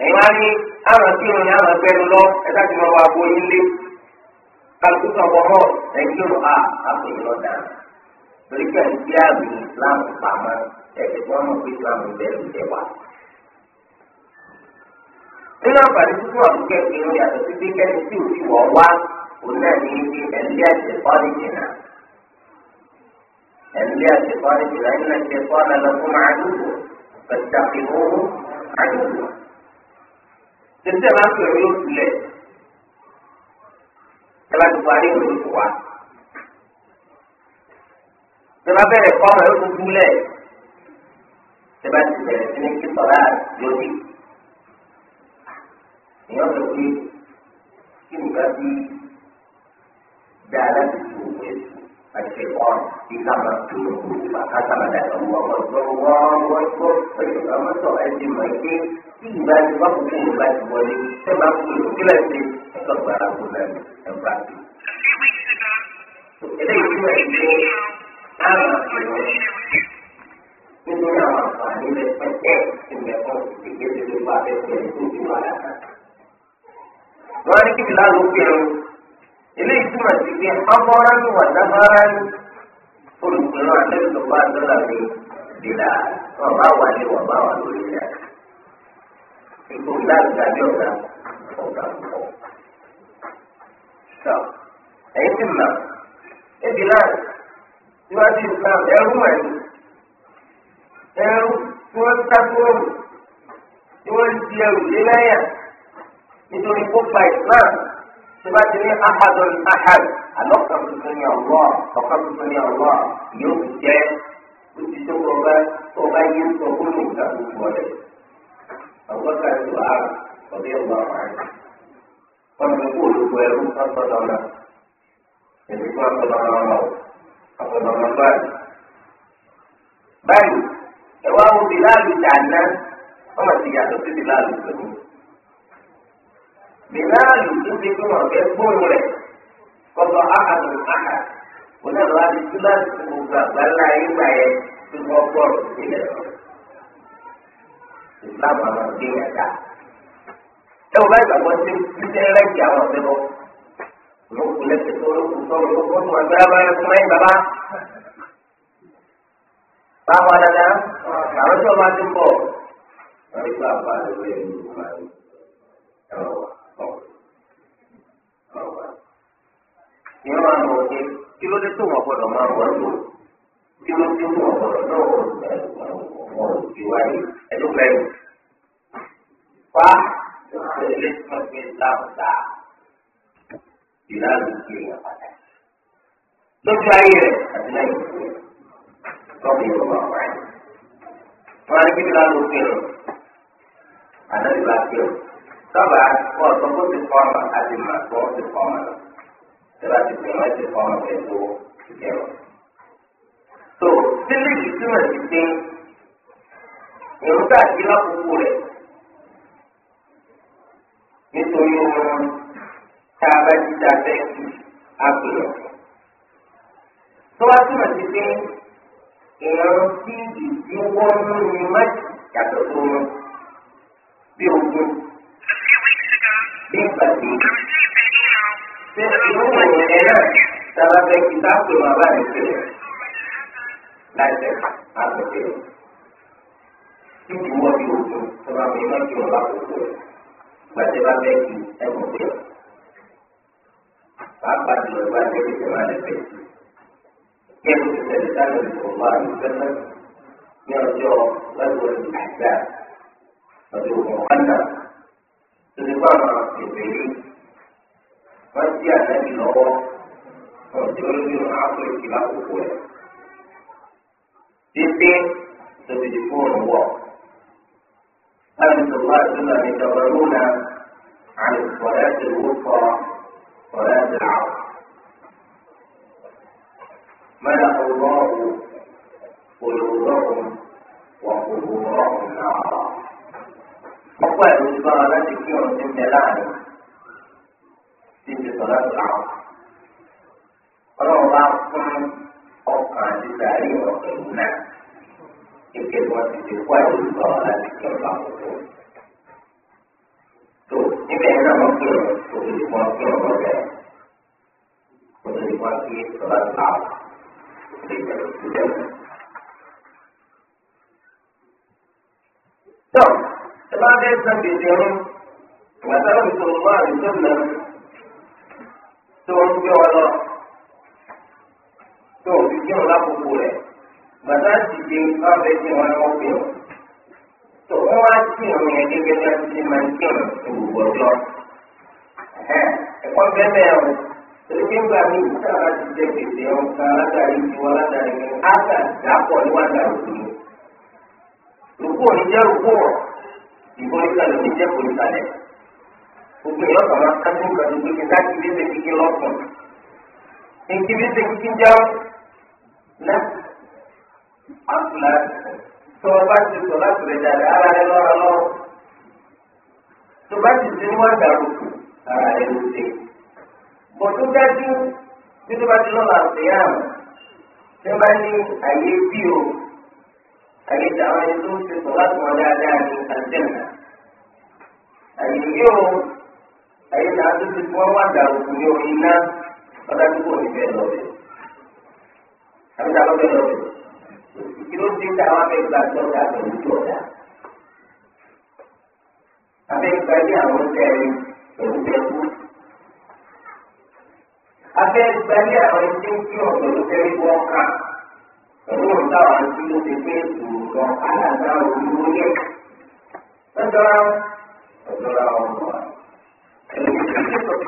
ẹ̀yin wá ní àwọn tí òun ní àwọn ẹgbẹ́ni lọ ẹ̀dá tí wọ́n wá bo yín lé kálukú kan bọ̀ họ ẹ̀yin tí òun á àpò yín lọ́dà torí pé ẹ̀yin tí àmì Islam pamọ́ ẹ̀sìn wọn mọ̀ pé Islam bẹ̀rù jẹ wá. nínú àǹfààní tuntun ọ̀dún kẹ́kẹ́ ní yàtọ̀ sí pé kẹ́ni tí òun ti wọ̀ wá òun náà ní ibi ẹ̀mí àti ẹ̀kọ́ni jìnnà ẹ̀mí àti ẹ̀kọ́ni jìnnà tẹ̀síṣẹ́ máa ń pè ọ́ yóò sílẹ̀ ẹ bá ti wọ adé pẹ̀lú fún wa ẹ bá bẹ̀rẹ̀ kọ́ ọmọ yóò tún gúnlẹ̀ ẹ bá ti bẹ̀rẹ̀ sí ní kí sọ̀rọ̀ yóò di èèyàn sọ pé kí nìkan bí dáadáa ti tu òwe sí. الشيطان يكبر فكتب لك الله اكبر الله اكبر فيبقى مصر عند الميتين في بعد وقت بعد ولي كما في كلا شيء تكبر فلان ينفعك إليه كما يقول أما nínú àwọn àǹfààní rẹ pẹpẹ ìmẹkọ ìgbésẹ̀ nípa ẹgbẹ́ ìgbésẹ̀ wà láta. wọn ní kí ni láàrú pé ọ eléyìí túmọ̀ sí pé abọ́ra ní wà lábára ní olùpẹ̀lú àtẹ́sọ̀ bá dọ́là ní ìlà wọn bá wà ní wọn bá wà lórí ìlà. Ìgbò láti dàbí ọ̀gá ọ̀gá púpọ̀. Sọ ẹ̀yin ti mọ̀ ẹbí láti níwájú ìsìlámù ẹrú ẹ̀yìn ẹrú tí wọ́n ta kúrò tí wọ́n di ẹrù lé lẹ́yà nítorí kó pa ìsìlámù bá ti ní ahadun ahad alọ́kàn tuntun ní ọ̀wọ́ ọ̀kan tuntun ní ọ̀wọ́ yóò fi jẹ́ oṣù tó kọ bá kọ bá yé sọ fún mi ká tó fọ rẹ̀. ọgọ́ta tó a ọdẹ ọgbà wà rẹ̀. kó olùkọ́ ẹrú sọ́sọ́dọ̀ náà èmi kọ́ sọ́dọ̀ náà lọ ọ̀sọ̀dọ̀ náà báyìí. báyìí ẹ̀wá wo bìláàlù dáná wọ́n ti yàtọ̀ sí bìláàlù pẹ̀lú bíláàlù tó ti fún ọ̀gẹ́ gbóòrò rẹ̀ kọ́tọ̀ áhàdùn áhà kò náà wá di kíláàsì gbogbo àgbáńlá ayé yẹ tó wọ́n gbọ́rọ̀ sílẹ̀ lọ. ìsìláàmù àwọn ọ̀gẹ́ yẹn dá. ẹ wò bá ìgbàgbọ́ sí títí ẹlẹ́jì àwọn ọ̀sẹ̀ bọ́. olóòkú lẹ́sẹ̀ tó olóòkú sọ̀rọ̀ olóòkú tó agbára bá yẹ fún ẹ̀yìn bàbá. báwo dáadáa àwọn tó máa ti bọ̀ wọ́n ti gbà ìyẹn wà lọ pé kí ló dé tó wọn gbọ́dọ̀ máa wọ tó kí ló dé tó wọn gbọ́dọ̀ náà wọn ò ti wáyé ẹdún bẹ́ẹ̀ fa ilé tí wọn gbé láwùjá ìlànà ìgbéyàwó pàtàkì lójú ayé rẹ àti lẹ́yìn ìgbéyàwó tọ́kì ìwà wáyé. Wọ́n á ní kíkí láti òkè rẹ̀. Àdájọ́ àti ọ̀. Sábà wọ́n sọ fún ti kọ́ àti màá sọ ti kọ́ lọ ìjọba ti pè wọ́n ti kọ́ ọmọ pẹ̀lú owó ìjẹun. tó sílẹ̀ yìí túmọ̀ sí pé èròjà àti lákòókò nítorí ohun tá a bá ti dá bẹ́ẹ̀ sí tó wá túmọ̀ sí pé èèyàn tí ìdíwọ́ nínú mẹ́tì yàtọ̀ tó wọn bí ogun bí ìgbà tí ṣé irú wọ́n ti àtẹ́bí lọ́wọ́ ọ̀dọ́ lórí àpò ìkìlá àkókò rẹ̀. Títí tóbi di fóònù wọ̀. Láti sọ̀rọ̀ àdúrà ní Dàbàrúnà àti Bọ̀dá ti wó kọ́ Bọ̀dá ti rà. Mẹ́ta olùrọ̀rù olùrọ̀rù wọ̀ olùrọ̀rù náà. Ọ̀pọ̀ ẹ̀rù sọ̀rọ̀ láti kí ọ̀sìn tẹ láàrin tí ń ṣe sọ̀rọ̀ tó ọlọ́run bá fún ọkàn àti sàárì ọ̀pẹ̀ náà kíkẹ́ wọn ti ṣe kó àyè sọ̀rọ̀ láti kí ọ̀pá àkókò. tó níbẹ̀ náà wọ́n kí ọ̀rọ̀ tó lè mọ kí ọ̀rọ̀ rẹ̀ kó lè mọ kí sọ̀rọ̀ tó náà lè bẹ̀rẹ̀ sí bẹ̀rẹ̀. tó ẹ bá fẹ́ sọ gbèsè ọ̀run ìgbà táwọn ìṣòro máa tó ń gbé ọ lọ tó ń fi jẹun lákòókò rẹ bàtà ti di wọn fẹẹ wọn lọ́wọ́ pé wọn tó wọn wá sí ìrìn yẹn gẹ́gẹ́ bí wọn máa ń jẹun ìwúwo lọ ẹ̀kọ́ bẹ́ẹ̀ bẹ́ẹ̀ o èké ńgbà mi ìta láti jẹ gbèsè ọkà aládàrí ju aládàrí mi ága dàpọ̀ níwájú àwùjọ mi. rúkú òní jẹ́ rúkú ọ̀ ìbọn ìkàlẹ̀ jẹ́ kò ìkàlẹ̀ gbogbo èèyàn kàn máa kájú nǹkan tó gbégbé láti ilé ṣe kíkí jauh, kíkí ilé ṣe kíkí jáwé náà àtúnlá tó o bá ti sọ di rẹ̀ jáde ara rẹ lọ́ra lọ́rọ̀ tó bá ti ṣe níwájú àròkù ara rẹ ló ṣe bọ̀ tó dájú bí tó bá jadi. lọ́la àṣeyàn tí wọ́n bá ẹ̀yin náà tó ti fún wá dà òkú ní iná ọ̀dà tó kò ní bẹ́ẹ̀ lọ́bẹ̀. àbí ta ló bẹ́ẹ̀ lọ́bẹ̀? kí ló dé táwọn abẹ́ gba ọ̀dà pẹ̀lú tó ọ̀dà? abẹ́ gba àwọn tẹ́ẹ̀rí pẹ̀lú tẹ́kú. abẹ́ gba àwọn tí ń kí ọ̀dọ̀ ló pẹ̀lú ọ̀dà àwọn tí ló ti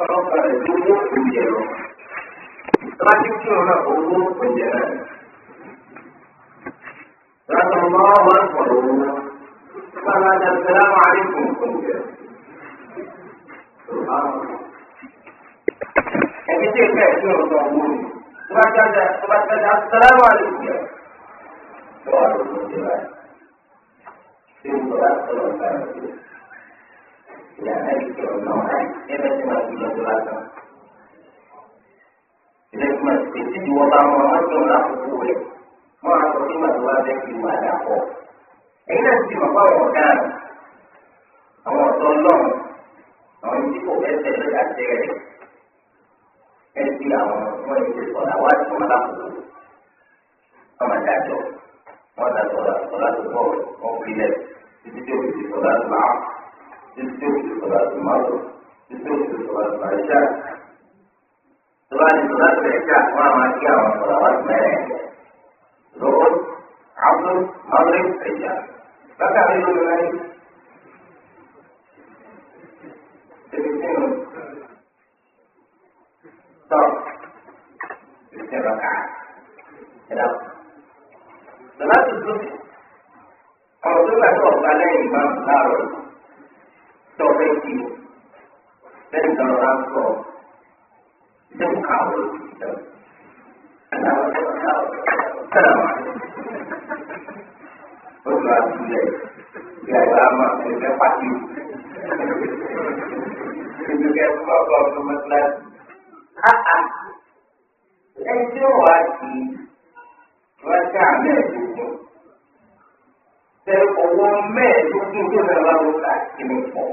ọlọ́pàá rẹ̀ tó wó oúnjẹ lọ. Láti kí ọ̀nà owó oúnjẹ rẹ̀. Láti ọmọ ọmọ ẹ̀kọ́rọ̀ owó. Sábà dá sẹ́lámù àríkùn oúnjẹ. Ẹni tí ìfẹ́ ìfẹ́ ọ̀dọ̀ owó ni. Wọ́n bá jáde wọ́n bá jáde sẹ́lámù àríkùn yẹn. Bọ́ọ̀lù oúnjẹ rẹ̀. Ṣé ìgbọ́lá sọ̀rọ̀ sáyẹ̀nsì? ìlànà wọ́n ti wọ́n ti pèsè ìwọ bá wọ́n fi lẹ̀ títí tí ó fi sọ̀rọ̀ àti máa تستوي في صلاة المغرب تستوي في صلاة العشاء طبعا صلاة العشاء ما ما فيها وصلوات ما ظهر عصر مغرب عشاء فكع يقول لي طب ستين ركعة صلاة الظهر أو صلاة الظهر عليه الإمام نار tó fẹ́ kí o bẹ́ẹ̀ lọ bá ń sọ ṣé ń kà ó lórí ìjọ ó lọ àtúnyẹ ìyá ìyá máa fi ẹgbẹ́ pàtó ìlú kẹ́ fún ọkọ ọdún mọ́tílá. ẹni tí ó wá sí wọ́n ṣe àmì ẹ̀dùnkún ṣe owó mẹ́ẹ̀ẹ́dógún tó lè wá ká ìmú pọ̀.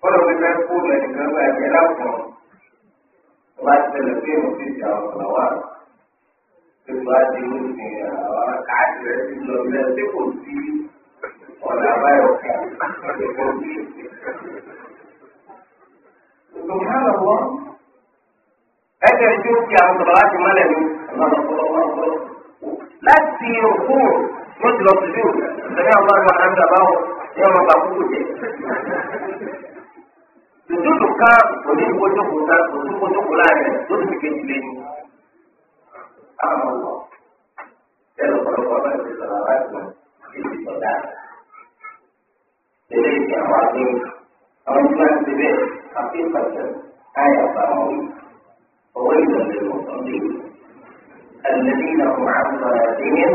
Bọ́lá mi fẹ́ kó lẹ̀ nìkan gba ẹ̀jẹ̀ lápọ̀n. Ọba ti tẹ̀lé pé mo ti jà ọ̀sán wà. Ṣé wàá di mú àwọn káàdì rẹ̀ ti lọ ilẹ̀ tí kò sí ọ̀nà àbáyọ̀ kan tó kọ́ sí. Ìgbòmìnira wọ́n. Ẹ̀jẹ̀ tí ó fi àwọn bàbá ti mọ́lẹ̀ ní láti òkúrò wọ́n ti lọ sùdíù sẹ́yìn àwọn àgbà àti àbáwọ̀ yẹn wọ́n bá kúkú jẹ. Sùdúdù ká òní ìwọ́jọ́kù ká òní ìwọ́jọ́kù láàyè tó ti kejì lé ní. Àwọn ọmọ ẹ̀rọ ọ̀pọ̀lọpọ̀ bá ti sọ̀rọ̀ àwọn àti ìdí ọ̀dà. Ilé ìjà wà ní àwọn ìgbà ti bẹ́ẹ̀ àti ìpàṣẹ láyé àbáwọn òwe ìdọ̀lẹ́ mọ̀tọ́ lé. Àlẹ́ nínú àwọn àbúrò àti yẹn.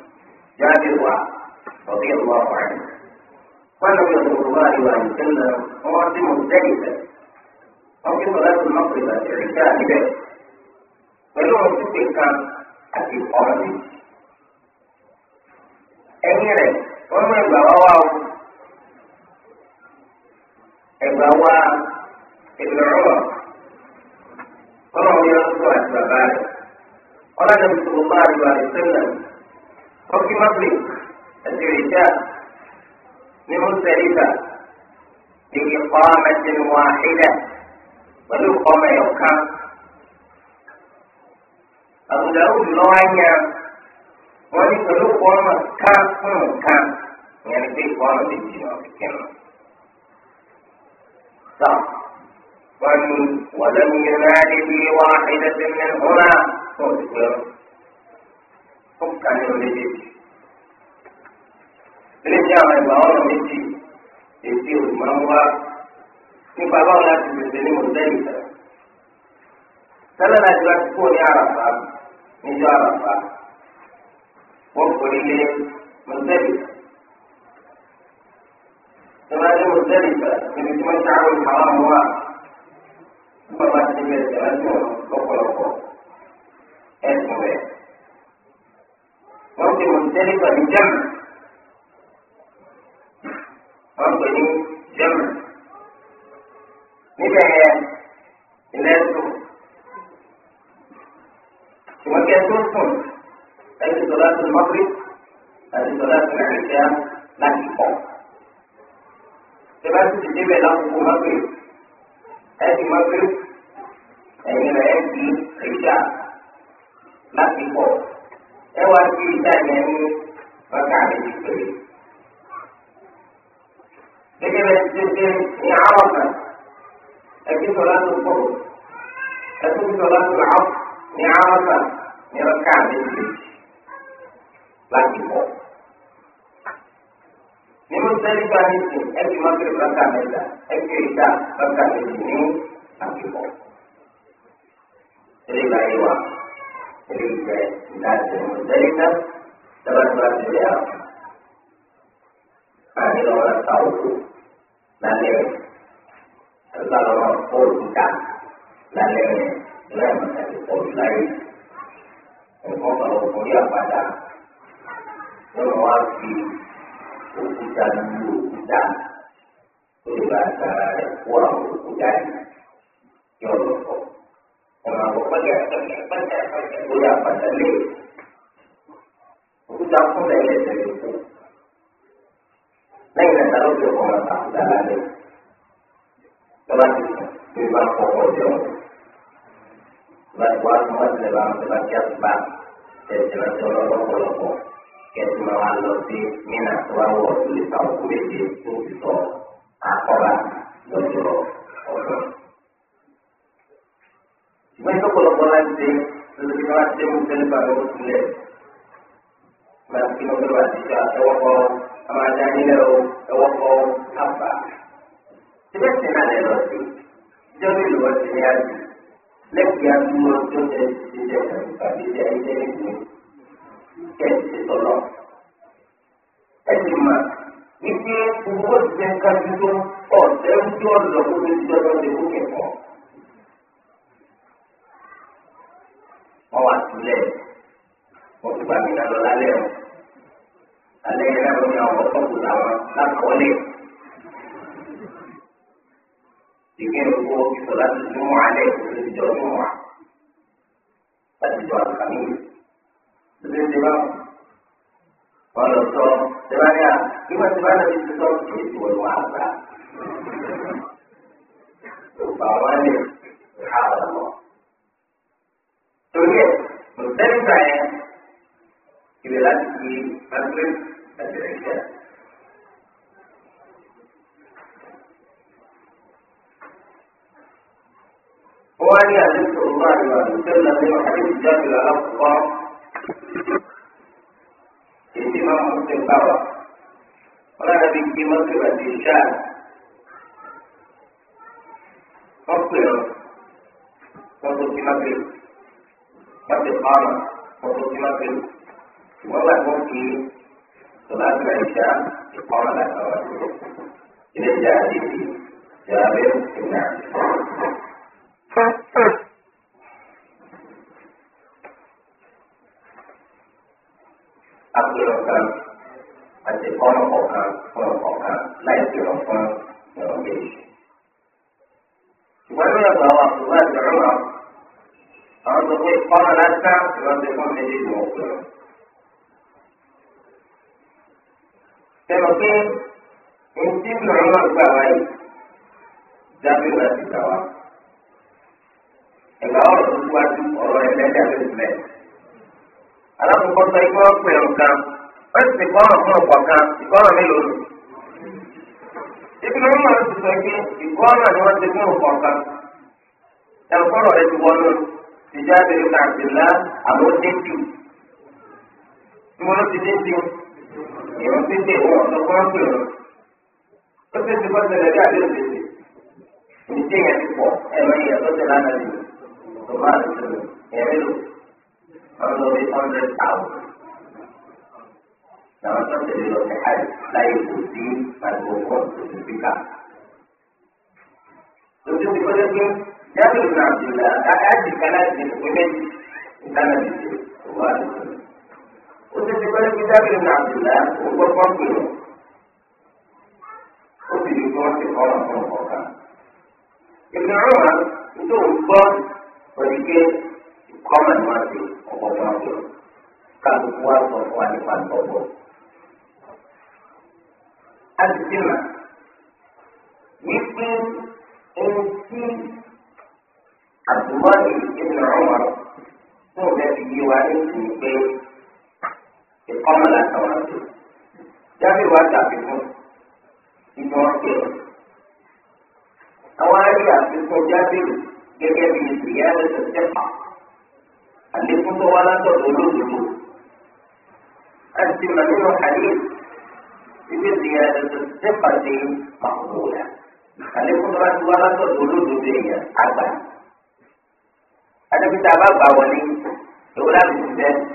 جابر رضي الله عنه قال النبي صلى الله عليه وسلم هو في أو في صلاة المغرب العشاء بيت ولو تلك àti ọ̀rẹ́. ẹ̀yin rẹ̀ wọ́n mú ẹgbà wá wá o. ẹgbà wá ìlọ́rọ̀ kọ́nà wọn yọ sọ àti bàbá rẹ̀. ọkì mọ́tì àti ìjà ní mùsẹ̀lífà ní ìkọ́ mẹ́tìrì wọn àhídà pẹ̀lú ọmọ ẹ̀yọ̀kan. àbùdá òdù lọ́wọ́ ányá wọ́n ní pẹ̀lú ọmọ kan fún nǹkan ìyẹn ní pé ìkọ́ ọmọ méjì náà fi sọ wọ́n ní wọ́n lẹ́nu yẹn náà ní bí wọ́n sí ní ọ̀la fún òdìgbò ó kà ní orílẹ̀ ilé ní àwọn ìgbà ọ̀rọ̀ méjì èsì òmùmáwá nípa báwọn láti pèsè ní mọ̀tẹ́lì tẹ̀. sẹ́lẹ̀ láti wá kúrò ní àràfà níjọ́ àràfà wọ́n forí lé mọ̀tẹ́lì tẹ̀. sẹ́lẹ̀ mọ̀tẹ́lì tẹ̀ níbi tí wọ́n ṣàrò 等 一 mẹ́tọ́ pọ̀lọpọ̀ láti dé lórí bí wọ́n ti mú tẹ́lẹ̀ bá lọ́wọ́ sílẹ̀. Láti kí lọ́wọ́ bá ti ṣe ẹwọ́ kọ́ ọmọ ajá nílẹ̀ o ẹwọ́ kọ́ àbá. Ṣébẹ́ ti náà lẹ́ lọ sí ìjọba ìlú ọtí ní àjù lẹ́kùn àdúgbò tó jẹ́ ìdíje tàbí ìdíje ayélujára ìlú kẹ́ẹ̀sì tọ̀lọ̀. Ẹ ti mà wípé owó ti ń kájú tó ọ̀dẹ́ ń tó ọ̀dọ́ wọ́n wà sílẹ̀ wọ́n ti gbàgbé náà lọ o lálẹ́ yẹn náà ní àwọn ọ̀pọ̀lọpọ̀ làwọn lákọọ́lẹ̀ ìgbẹ́ ìwọ ìsọ̀ láti júmọ́ alẹ́ ìjọ júmọ́ láti jọ àkàmì lórí ti bá wọn lọ sọ tẹ́lá nígbà tí bá lọ́ọ́ ti sọ kí ètò ọ̀nà àgbà tó bá lè ká ọ̀nà torí ẹ̀ mùsẹ́ńtà yẹn ìrẹ̀ láti fi magreth àti ẹ̀ṣẹ̀. wọ́n ní àdéhùn ọ̀rọ̀ àríwá ìṣẹ̀lẹ̀ nínú àdéhùn jáde alákọ̀ọ́ èyí máa ń mú sí ń bá wa wọ́n lára bí kí mọ́tò àti ìṣáà wọ́n pè ọ́ wọ́n tó kí mọ́tò. استقامة وتطلب وله في صلاة العشاء إقامة الأوامر إلى حديث جابر بن عبد الله ọ̀rọ̀ lásán lọ́sẹ̀ fún mi nínú ọ̀pọ̀. Sẹ́nu pé ohun tí ìlọrin náà gbà wáyé dábìlì láti gbà wá. Ẹ̀gbà ọ̀rọ̀ tó wájú ọ̀rọ̀ ẹlẹ́dàá ló lẹ̀. Alákòókò sọ ikú ọ̀pẹ̀ nǹkan, wọ́n ti kọ́rọ̀ fún ọ̀pọ̀ kan, ìkọ́rọ̀ mélòó nù. Ìpinnu mọ̀ ló ti sọ pé ìkọ́rọ̀ ni wọ́n ti fún ọ̀pọ̀ kan. Ẹ̀kọ́rọ̀ rẹ̀ ti wọ́n lónìí ìjà àbẹ̀rẹ̀ kan àbẹ̀lá àbọ̀ dínkù tí wọ́n ti dínkù ìwọ́n ti dín ìwọ́n ọ̀dọ́ kọ́ ọ́n pè ọ́ ó ti ti bọ́ sẹlẹ̀ bí àbẹ̀rẹ̀ tètè ìdíje yẹn ti pọ̀ ẹ̀rọ yẹn tó tẹ̀lé àná lè tó bá àti tó lò ọ̀dọ́ bí hundred thousand làwọn tó tẹ̀lé lọ sí àyè láyé kò sí àgbò kọ́ọ̀tù ìdíkà. lójú ti kọ́jọ́ pé جابر بن عبد الله أعد كانت من أمين كانت وتتكلم جابر بن عبد الله وقفت له وفي جوات الحرم من القرآن ابن عمر يدور الصوت ولكن قام المرسي وقفت كان قوات وقوات وقوات وقوات الجمع يمكن أن Abdullahi ibn Umar fún ìdẹ́bi yé wa ní ìlú pé ìkọ́mọ látàwọn àti jábí wa dàbí fún ibi wọn kẹ. Àwọn arí àfikún jábí gẹ́gẹ́ bí ìyá rẹ̀ tẹ̀sẹ̀ pa. Àlékún tó wá látọ̀dọ̀ olódodo. A ti mọ̀ nínú àyè ìyá rẹ̀ tẹ̀sẹ̀ pa sí màkúrò yá. Àlékún tó wá látọ̀dọ̀ olódodo èèyàn àgbà أنا كنت أبقى ولي يقول أبي سفيان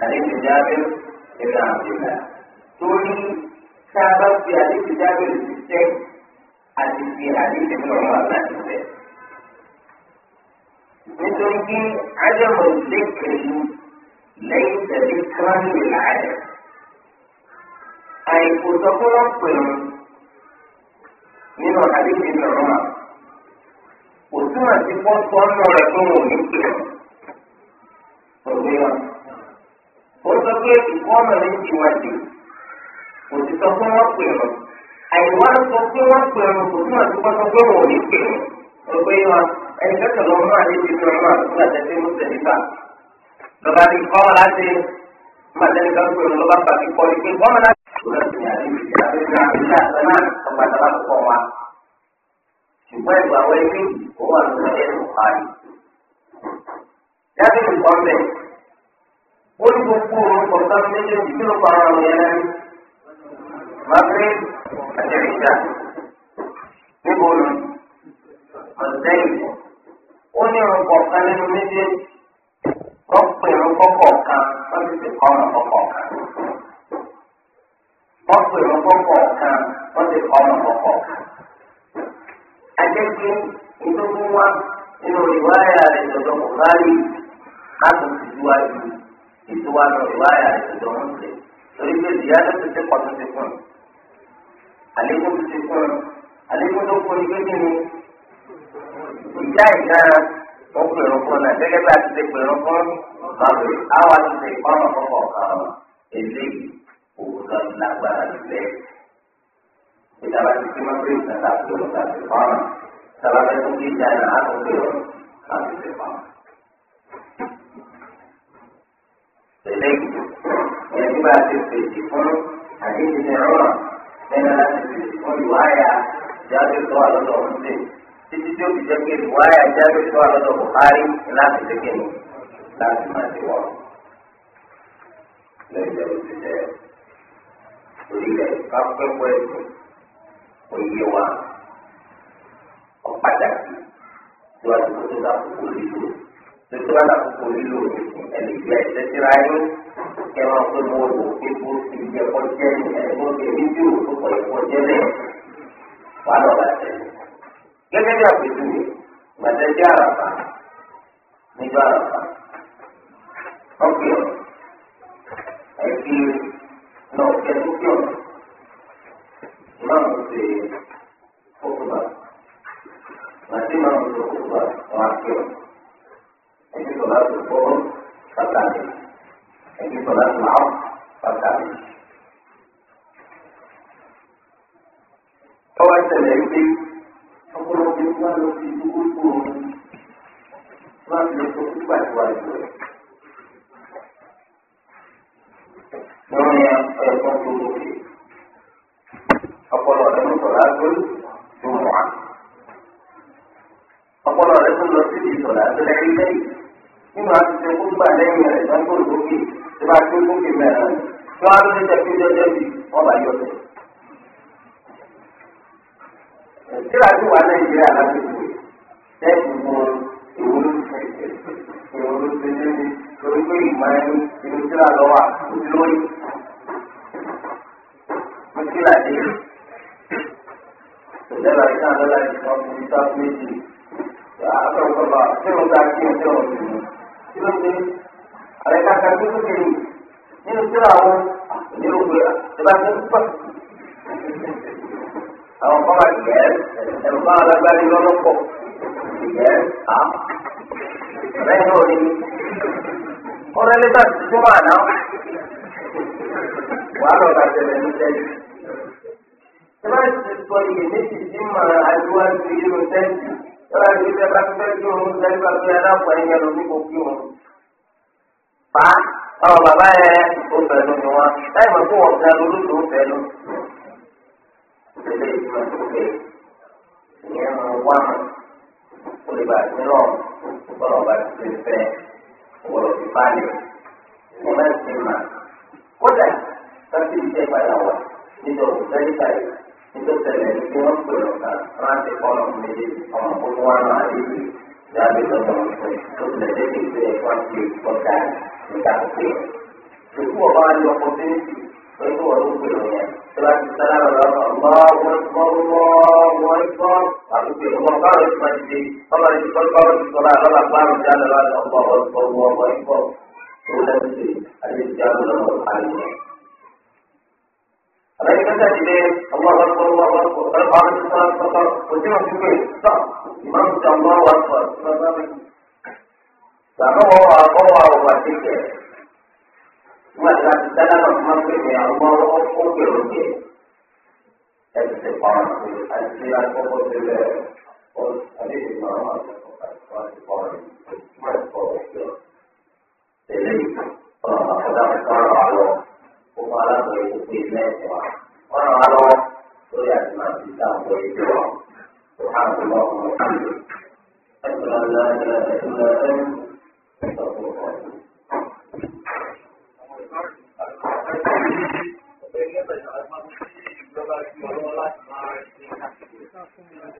حديث جابر ابن عبد الله تقولي سبب في حديث جابر السيستم حديث في حديث ابن عمر ما تفهم مثل عدم الذكر ليس ذكرا للعدم أي أتفرق منه حديث ابن عمر túmọ̀ sí pọ́ńpọ́ nù rẹ̀ tó wò ní pè òbí wọn. ó sọ pé ìkọ́nà ní tiwájú kò sì sọ pé wọ́n pè wọn. àìwá sọ pé wọ́n pè wọn kò túmọ̀ sí pọ́ńpọ́ pé wọ́n ò ní pè wọn. òbí ẹni kẹ́kọ̀ọ́ lọ́wọ́ náà ní ti sọ̀rọ̀ náà nígbà tẹ́tí mú tẹ̀lé bá. lọ́ba ti kọ́ ọ láti nígbà kan pè wọn lọ́ba pàtí kọ́ ọ ṣùgbọ́n ìgbà wọ ilé ó wà lórí ẹnu parí. Jáde nǹkan bẹ̀. Ó ní gbogbo orúkọ kan méjèèjì tí ó pa ara rẹ̀ lẹ́nu. Màgbé àtẹ̀lẹ́sà níbo ni ọ̀sẹ̀yìn. Ó ní orúkọ kan nínú méjèèjì. Wọ́n pè orúkọ kọ̀ọ̀kan wọ́n sì ti kọ́ ọ̀nà kọ̀ọ̀kan. Wọ́n pè orúkọ kọ̀ọ̀kan wọ́n ti kọ́ ọ̀nà kọ̀ọ̀kan ajẹ́kí ìdógún wa nínú ìwáyà rẹ̀ lọ́dọ̀ bùhárí láti tìjúwájú ìtúwájú ìwáyà rẹ̀ lọ́dọ̀ mùsùlùmí torí pé ìyáàdó ti ti pọ̀tún ti kún àlékún ti ti kún àlékún tó kún ní kékeré ìjà ìdára wọn pè é fún náà gẹ́gẹ́ bí a ti ti pè é fún bàbá àwọn àti ti ìpamọ́ kọ̀ọ̀kan èlé òwúrọ̀ lágbára lẹ́yìn ìjọba ti fi máa ń gbé ìgbàta tó lọ láti fọ́nà ìjọba bẹ́ẹ̀ tó kí ìjà ìlà á tó gbé lọ láti fi fọ́nà. eléyìí ẹni bá ti fèsì fún àdéhùn ìrọ̀rùn lẹ́nu láti fèsì fún ìwáyà jáde tó àlọ́dọ̀ ọ̀húnṣe títí tí ó fi jẹ́ pé ìwáyà jáde tó àlọ́dọ̀ bùkárí láti lékè ní láti máa ti wọ̀ lẹ́yìn ìjọba ti òye wa ọ̀pàdàkì síwájú kó tó lákòókò lílo tó tó bá lákòókò lílo ẹni jẹ ẹsẹsíra yín kẹ wọn pé mo rò pé mo ti jẹ kọjẹ ní ẹni mo jẹ níbi ò tó kọ ìkọjẹ náà wà lọ bá gẹ́gẹ́ bí àpèjúwe gbàdẹjẹ àràfà níjọ àràfà ọkẹ ẹbí náà kẹ kí ọ̀nà ìmáàmù ṣe kókùbà màtí ìmáàmù ṣe kókùbà wọn àti ọ ẹbí sọlá tó gbọ́ pàtàkì ẹbí sọlá tó máa pàtàkì. ọwọ́ ìṣẹ̀lẹ̀ ìgbé ọ̀pọ̀lọpọ̀ ìgbà ló fi dúró kúrò láti lè tó ọpọlọ rẹ ló sọ lágbó ọpọlọ rẹ tó lọ sí ìsọ̀ lágbó lẹ́yìn lẹ́yìn nínú àtúnṣe kó gbà lẹ́yìn rẹ̀ lọ́gbó lókè tí wàá tó lókè mẹ́rin tí wàá tó lókè tó jọjọ bì wọ́n ìjọba ìjọba lọ́la ìjọba fún ìta fún méjì àtọ̀kọ̀bà tí wọ́n ta kí ọjọ́ ọ̀sẹ̀ mú. kí ló dé ààrẹ kàkà tó tó kéwì nínú tí àwọn onírò pé ìbá ti ń pọ̀. àwọn kọ́ máa yẹ ẹ̀rù máa lágbára lọ́lọ́pọ̀ yẹ á lẹ́yìn òní ọ̀rẹ́ lẹ́gbàá ti tó máa náà wàá lọ́ọ́ bàtẹ̀lẹ̀ ní sẹ́yìn sọ iye méjì tí mà àdúrásù irun tẹ́ǹtì yọ̀rọ̀ àti ìfẹ́ bá fẹ́ kí òun tẹ́lẹ̀ bá fi aláǹfà ẹ̀yẹ lò ní kò kí òun. Bá àwọn bàbá yẹn ó bẹ̀rù ni wọn láì mọ̀ kó wọ́n ga lóṣù ó bẹ̀rù. Ìṣẹ̀lẹ̀ ìgbìmọ̀ tó gbé ìyẹn máa wá mọ̀ ó lè bàa sí lọ́ọ̀ bọ́lọ̀ bá ti fi fẹ́ ọ̀rọ̀ ti balẹ̀ ìmọ̀ ẹ̀sìn mà kódà láti ìṣẹ́ ìpadà wà nínú òṣèlú nítorí tí wọ́n pè ọ̀tá láti kọ́nà méjì ọmọ tó wá máa rí i jáde lọ́dọ̀ tó tilẹ̀ débi pé ẹ̀fọ́ ti ọ̀tá níta pé ṣùkú ọba ní ọkọ̀ tó ń sì pẹ̀lú ọdún pè ọ̀ yẹn tó bá ti sára lọ́dọ̀ ọ̀gbọ́ wọ́n gbọ́ wọ́n gbọ́ àti pé ọmọ báwo ti máa ti ọmọ rẹ̀ ti kọ́ báwo ti sọ̀rọ̀ àlọ́lá báwo ti jáde lọ́dọ̀ ọ̀gbọ́ wọ́n gbọ́ wọ́n gbọ́ അതായത് കണ്ടില്ലേ അള്ളാഹ് അള്ളാഹ് അള്ളാഹ് കൊച്ചു മനുഷ്യർക്ക് ഇഷ്ടം ഇമാം അള്ളാഹ് വാർത്ത സർവോ അപ്പോവാവ് പറ്റിക്ക് മന്ത്രിയെ അമ്മാവോ കൂട്ടിയൊക്കെ ആളോ fún alábòye tó pé mẹ́wàá wọn ràn án lọ́wọ́ lórí àtìmáàtì táwọn ìjọ òhàbò lọ́kùnrin àti ẹgbẹ́ ńlá ẹgbẹ́ ẹgbẹ́ ẹgbẹ́ Thank you.